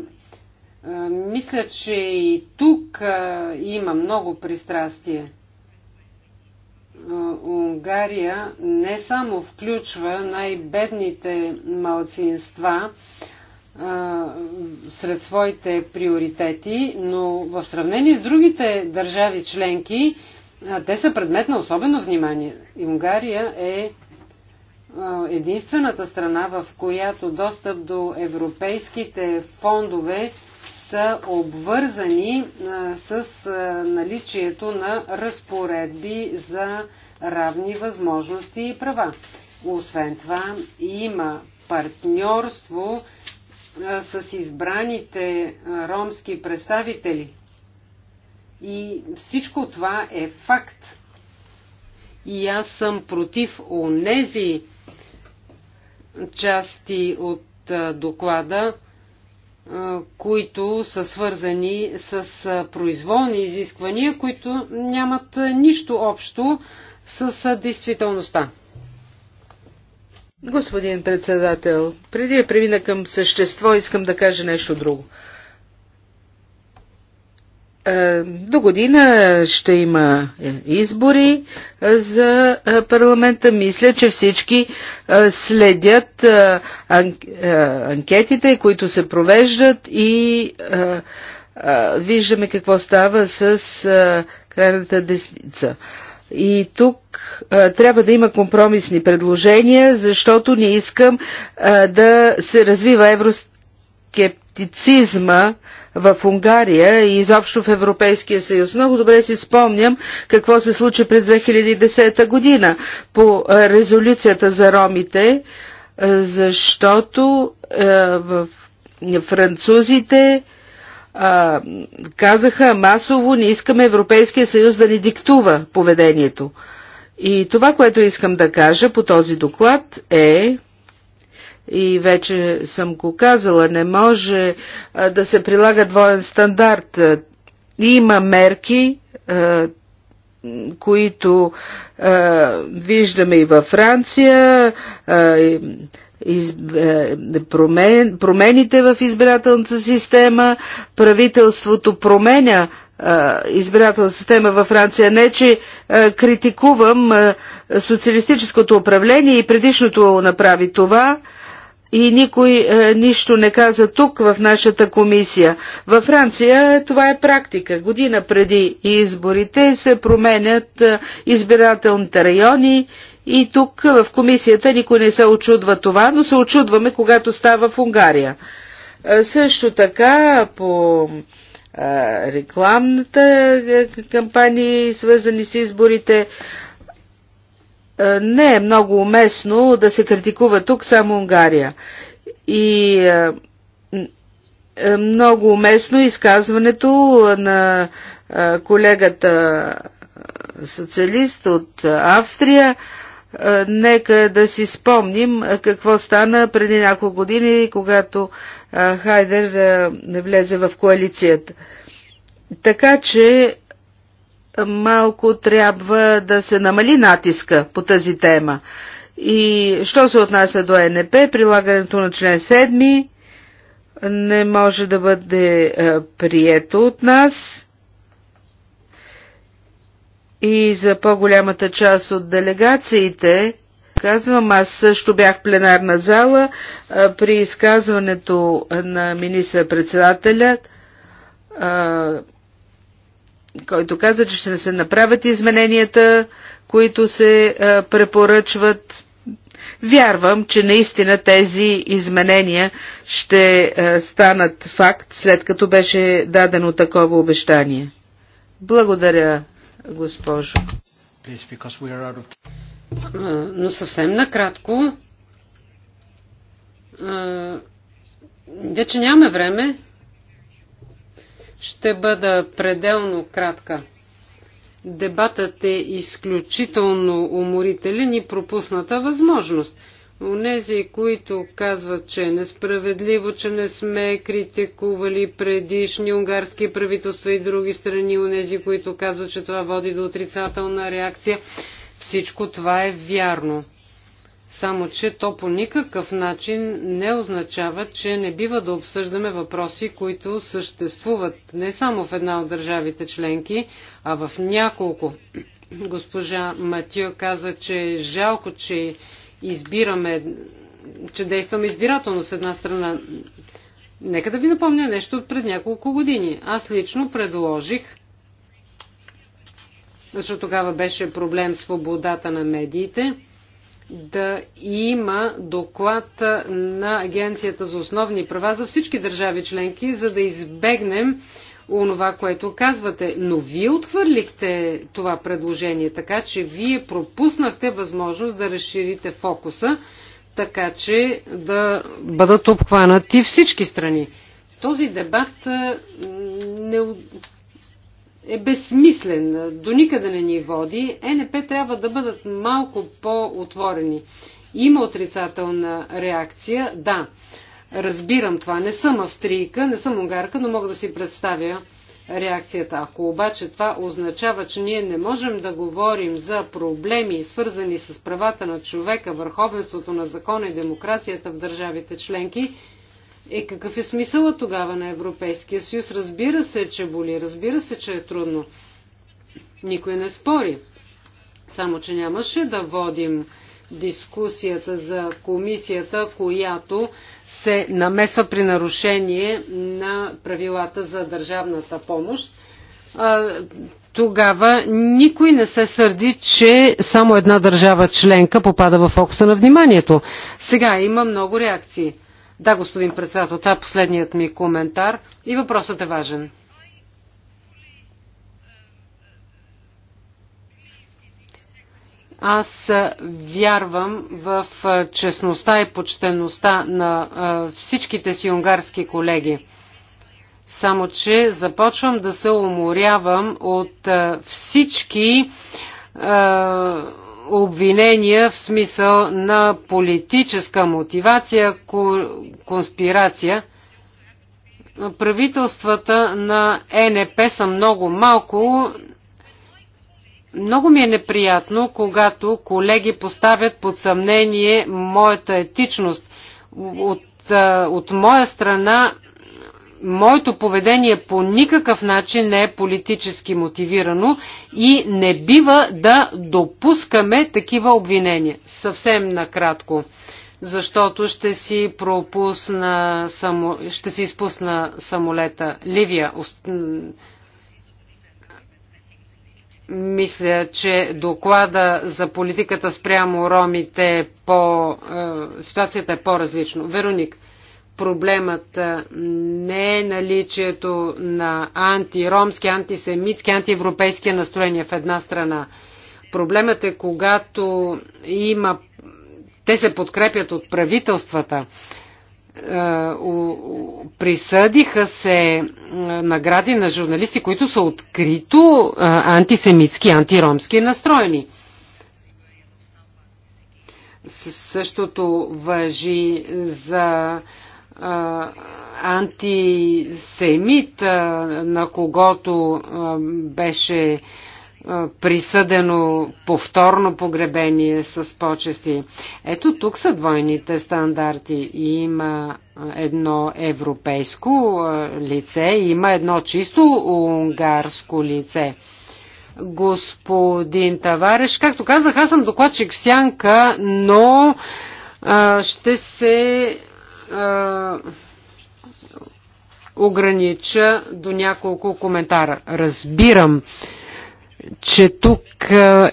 Е, мисля, че и тук е, има много пристрастие. Унгария не само включва най-бедните малцинства, сред своите приоритети, но в сравнение с другите държави членки, те са предмет на особено внимание. И Унгария е единствената страна, в която достъп до европейските фондове са обвързани с наличието на разпоредби за равни възможности и права. Освен това, има партньорство с избраните ромски представители. И всичко това е факт. И аз съм против онези части от доклада, които са свързани с произволни изисквания, които нямат нищо общо с действителността.
Господин председател, преди да премина към същество, искам да кажа нещо друго. Е, до година ще има е, избори е, за парламента. Мисля, че всички следят анкетите, които се провеждат и виждаме какво става с крайната десница. И тук а, трябва да има компромисни предложения, защото не искам а, да се развива евроскептицизма в Унгария и изобщо в Европейския съюз. Много добре си спомням какво се случи през 2010 година по а, резолюцията за ромите, а, защото а, в французите а, а, казаха масово, не искаме Европейския съюз да ни диктува поведението. И това, което искам да кажа по този доклад е, и вече съм го казала, не може а, да се прилага двоен стандарт. Има мерки, а, които а, виждаме и във Франция, а, и из, е, промен, промените в избирателната система, правителството променя е, избирателната система във Франция. Не, че е, критикувам социалистическото управление и предишното направи това, и никой е, нищо не каза тук в нашата комисия. Във Франция това е практика. Година преди изборите се променят е, избирателните райони и тук е, в комисията никой не се очудва това, но се очудваме, когато става в Унгария. Е, също така по е, рекламната е, кампания, свързани с изборите, е, не е много уместно да се критикува тук само Унгария. И е, е, много уместно изказването на колегата социалист от Австрия. Нека да си спомним какво стана преди няколко години, когато Хайдер не влезе в коалицията. Така че малко трябва да се намали натиска по тази тема. И що се отнася до НП, прилагането на член 7 не може да бъде е, прието от нас. И за по-голямата част от делегациите, казвам, аз също бях в пленарна зала е, при изказването на министър-председателят, е, който каза, че ще се направят измененията, които се е, препоръчват. Вярвам, че наистина тези изменения ще е, станат факт, след като беше дадено такова обещание. Благодаря, госпожо.
Но съвсем накратко. Вече нямаме време. Ще бъда пределно кратка. Дебатът е изключително уморителен и пропусната възможност. Онези, които казват, че е несправедливо, че не сме критикували предишни унгарски правителства и други страни, онези, които казват, че това води до отрицателна реакция, всичко това е вярно. Само, че то по никакъв начин не означава, че не бива да обсъждаме въпроси, които съществуват не само в една от държавите членки, а в няколко. Госпожа Матио каза, че е жалко, че избираме, че действаме избирателно с една страна. Нека да ви напомня нещо от пред няколко години. Аз лично предложих, защото тогава беше проблем свободата на медиите, да има доклад на Агенцията за основни права за всички държави членки, за да избегнем онова, което казвате. Но вие отхвърлихте това предложение, така че вие пропуснахте възможност да разширите фокуса, така че да бъдат обхванати всички страни. Този дебат е, не, е безсмислен, до никъде не ни води. Е НП трябва да бъдат малко по-отворени. Има отрицателна реакция, да. Разбирам това. Не съм австрийка, не съм унгарка, но мога да си представя реакцията. Ако обаче това означава, че ние не можем да говорим за проблеми, свързани с правата на човека, върховенството на закона и демокрацията в държавите членки, е, какъв е смисълът тогава на Европейския съюз? Разбира се, че боли, разбира се, че е трудно. Никой не спори. Само, че нямаше да водим дискусията за комисията, която се намесва при нарушение на правилата за държавната помощ. Тогава никой не се сърди, че само една държава членка попада в фокуса на вниманието. Сега има много реакции. Да, господин председател, това е последният ми коментар и въпросът е важен. Аз вярвам в честността и почтеността на всичките си унгарски колеги. Само, че започвам да се уморявам от всички обвинения в смисъл на политическа мотивация, конспирация. Правителствата на ЕНП са много малко. Много ми е неприятно, когато колеги поставят под съмнение моята етичност. От, от моя страна моето поведение по никакъв начин не е политически мотивирано и не бива да допускаме такива обвинения. Съвсем накратко, защото ще си пропусна, само, ще си изпусна самолета. Ливия, мисля, че доклада за политиката спрямо ромите е по, е, ситуацията е по-различно. Вероник, проблемът не е наличието на антиромски, антисемитски, антиевропейски настроения в една страна. Проблемът е когато има... Те се подкрепят от правителствата. Присъдиха се награди на журналисти, които са открито антисемитски, антиромски настроени. Същото въжи за антисемит, на когото беше присъдено повторно погребение с почести. Ето тук са двойните стандарти. Има едно европейско лице, има едно чисто унгарско лице. Господин Тавареш, както казах, аз съм докладчик в сянка, но а, ще се огранича до няколко коментара. Разбирам, че тук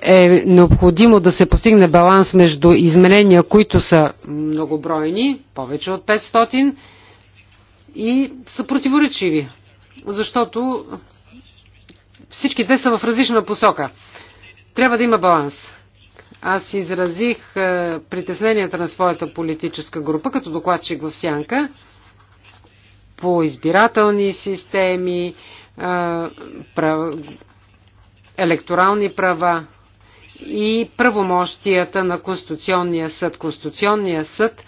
е необходимо да се постигне баланс между изменения, които са многобройни, повече от 500, и са противоречиви, защото всички те са в различна посока. Трябва да има баланс. Аз изразих е, притесненията на своята политическа група като докладчик в Сянка по избирателни системи, е, електорални права и правомощията на Конституционния съд. Конституционния съд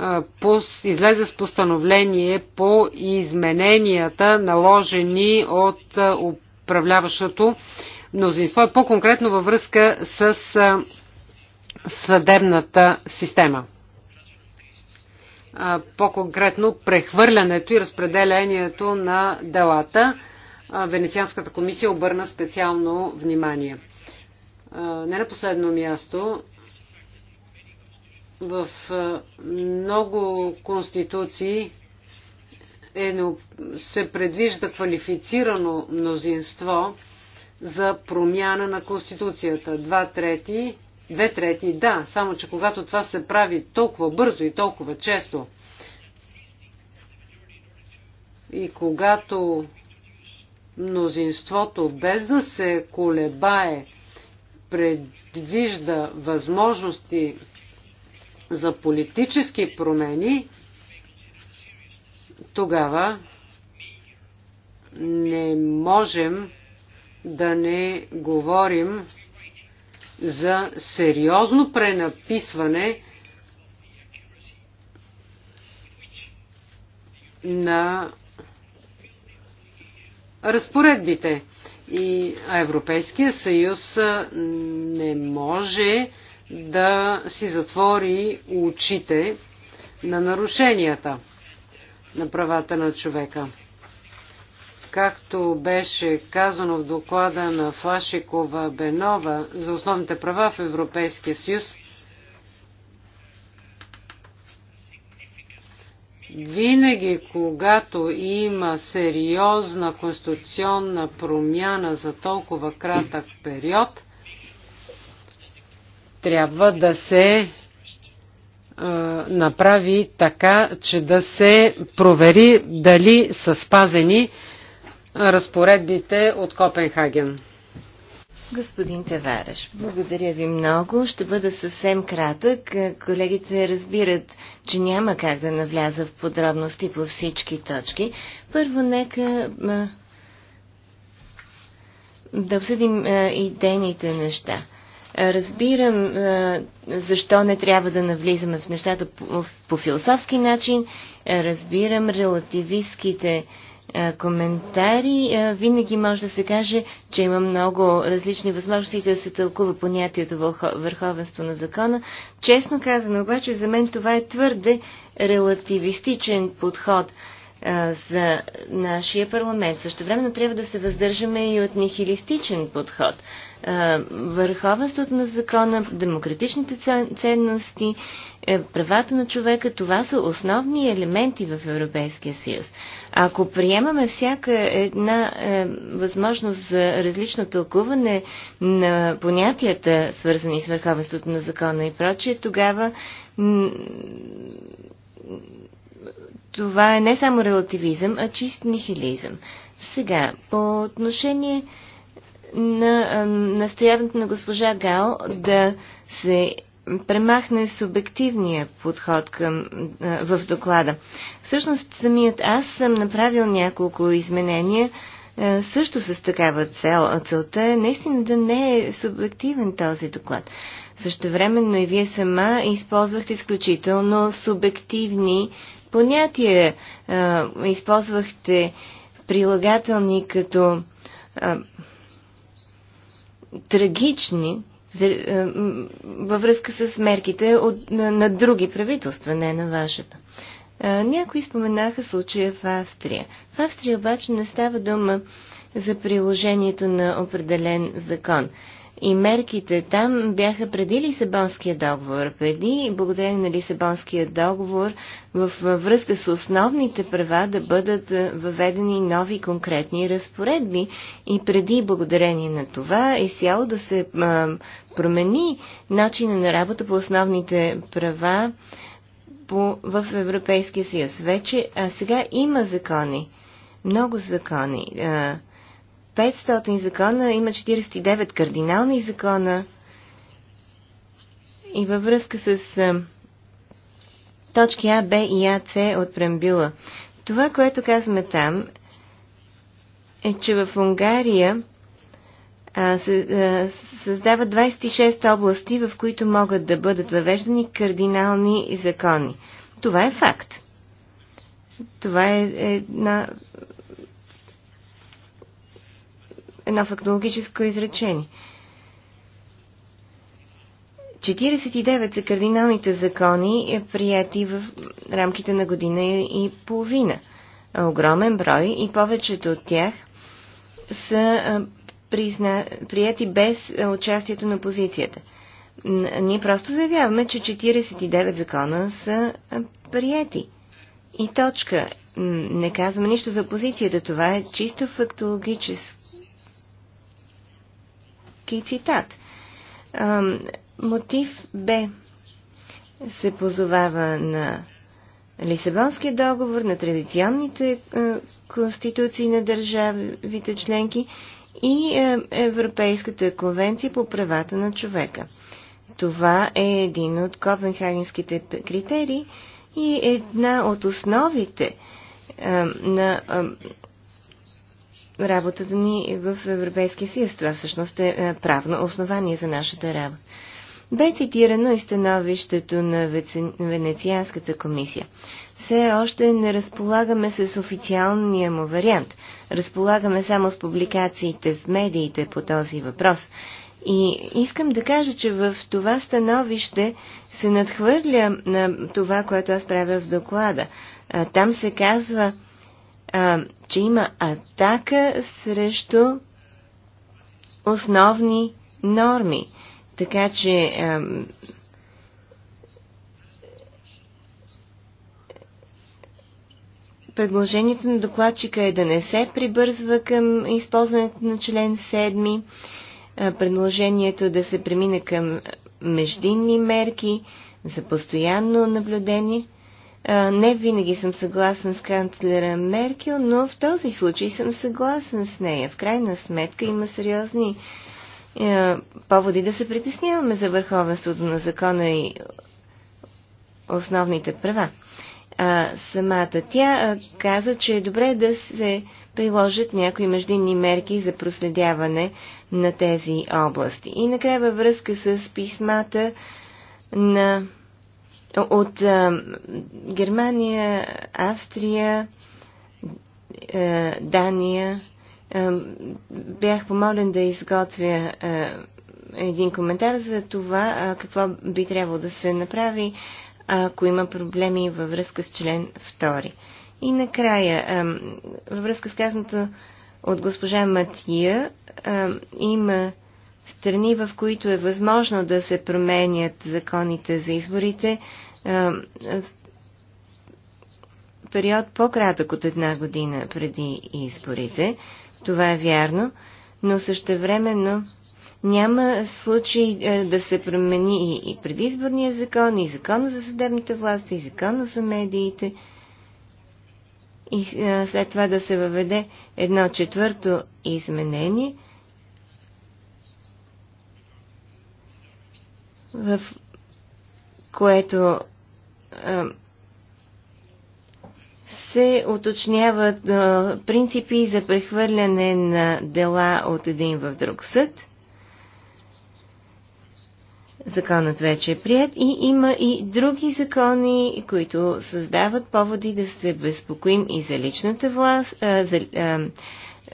е, излезе с постановление по измененията, наложени от управляващото мнозинство, по-конкретно във връзка с съдебната система. По-конкретно прехвърлянето и разпределението на делата. Венецианската комисия обърна специално внимание. Не на последно място, в много конституции е, се предвижда квалифицирано мнозинство за промяна на Конституцията. Два трети две трети да, само че когато това се прави толкова бързо и толкова често, и когато мнозинството, без да се колебае, предвижда възможности за политически промени, тогава не можем да не говорим за сериозно пренаписване на разпоредбите. И Европейския съюз не може да си затвори очите на нарушенията на правата на човека. Както беше казано в доклада на Флашикова Бенова за основните права в Европейския съюз, винаги когато има сериозна конституционна промяна за толкова кратък период, трябва да се е, направи така, че да се провери дали са спазени
разпоредбите от Копенхаген. Господин Тавареш, благодаря ви много. Ще бъда съвсем кратък. Колегите разбират, че няма как да навляза в подробности по всички точки. Първо, нека да обсъдим идейните неща. Разбирам защо не трябва да навлизаме в нещата по, по философски начин. Разбирам релативистските е, коментари. Е, винаги може да се каже, че има много различни възможности да се тълкува понятието върховенство на закона. Честно казано обаче, за мен това е твърде релативистичен подход за нашия парламент. Също времено трябва да се въздържаме и от нихилистичен подход. Върховенството на закона, демократичните ценности, е, правата на човека, това са основни елементи в Европейския съюз. Ако приемаме всяка една е, възможност за различно тълкуване на понятията, свързани с върховенството на закона и прочие, тогава това е не само релативизъм, а чист нихилизъм. Сега, по отношение на настояването на госпожа Гал да се премахне субективния подход към, а, в доклада. Всъщност самият аз съм направил няколко изменения а, също с такава цел. Целта е наистина да не е субективен този доклад. Същевременно и вие сама използвахте изключително субективни понятия. А, е, използвахте прилагателни като а, е, трагични за, а, е, във връзка с мерките от, на, на други правителства, не на вашето. А, някои споменаха случая в Австрия. В Австрия обаче не става дума за приложението на определен закон. А, и мерките там бяха преди Лисабонския договор. Преди, благодарение на Лисабонския договор, в връзка с основните права да бъдат въведени нови конкретни разпоредби и преди, благодарение на това, е изцяло да се а, промени начина на работа по основните права по, в Европейския съюз. Вече, а сега има закони, много закони. А, 500 закона, има 49 кардинални закона. И във връзка с точки А, Б и А, С от прембюла. Това, което казваме там, е, че в Унгария а, се, а, 26 области, в които могат да бъдат въвеждани кардинални закони. Това е факт. Това е една едно фактологическо изречение. 49 са кардиналните закони, е, прияти в рамките на година и половина. Огромен брой и повечето от тях са призна... прияти без участието на позицията. Ние просто заявяваме, че 49 закона са прияти. И точка. Не казваме нищо за позицията. Това е чисто фактологически Френски цитат. Мотив Б се позовава на Лисабонския договор, на традиционните е, конституции на държавите членки и е, Европейската конвенция по правата на човека. Това е един от копенхагенските критерии и една от основите на работата ни в Европейския съюз. Това всъщност е, е правно основание за нашата работа. Бе цитирано и становището на Венецианската комисия. Все още не разполагаме с официалния му вариант. Разполагаме само с публикациите в медиите по този въпрос. И искам да кажа, че в това становище се надхвърля на това, което аз правя в доклада. Там се казва, а, че има атака срещу основни норми. Така че а, предложението на докладчика е да не се прибързва към използването на член 7, предложението да се премина към междинни мерки за постоянно наблюдение – не винаги съм съгласен с канцлера Меркел, но в този случай съм съгласен с нея. В крайна сметка има сериозни е, поводи да се притесняваме за върховенството на закона и основните права. А, самата тя а, каза, че е добре да се приложат някои междинни мерки за проследяване на тези области. И накрая във връзка с писмата на от а, Германия, Австрия, а, Дания. А, бях помолен да изготвя а, един коментар за това а, какво би трябвало да се направи, ако има проблеми във връзка с член 2. И накрая, а, във връзка с казаното от госпожа Матия, а, има страни, в които е възможно да се променят законите за изборите в период по-кратък от една година преди изборите. Това е вярно, но същевременно няма случай да се промени и предизборния закон, и закона за съдебната власт, и закона за медиите. И след това да се въведе едно четвърто изменение – в което а, се уточняват а, принципи за прехвърляне на дела от един в друг съд. Законът вече е прият и има и други закони, които създават поводи да се безпокоим и за личната власт, а, за, а,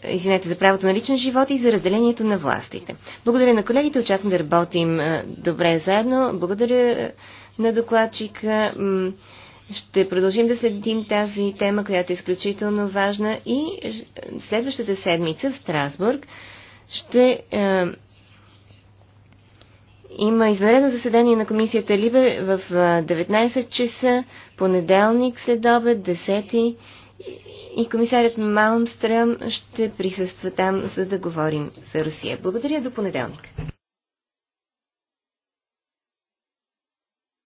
извинете, за правото на личен живот и за разделението на властите. Благодаря на колегите, очаквам да работим добре заедно. Благодаря на докладчика. Ще продължим да следим тази тема, която е изключително важна и следващата седмица в Страсбург ще е, има извънредно заседание на комисията Либе в 19 часа, понеделник след обед, 10 и комисарят Малмстрам ще присъства там, за да говорим за Русия. Благодаря до понеделник.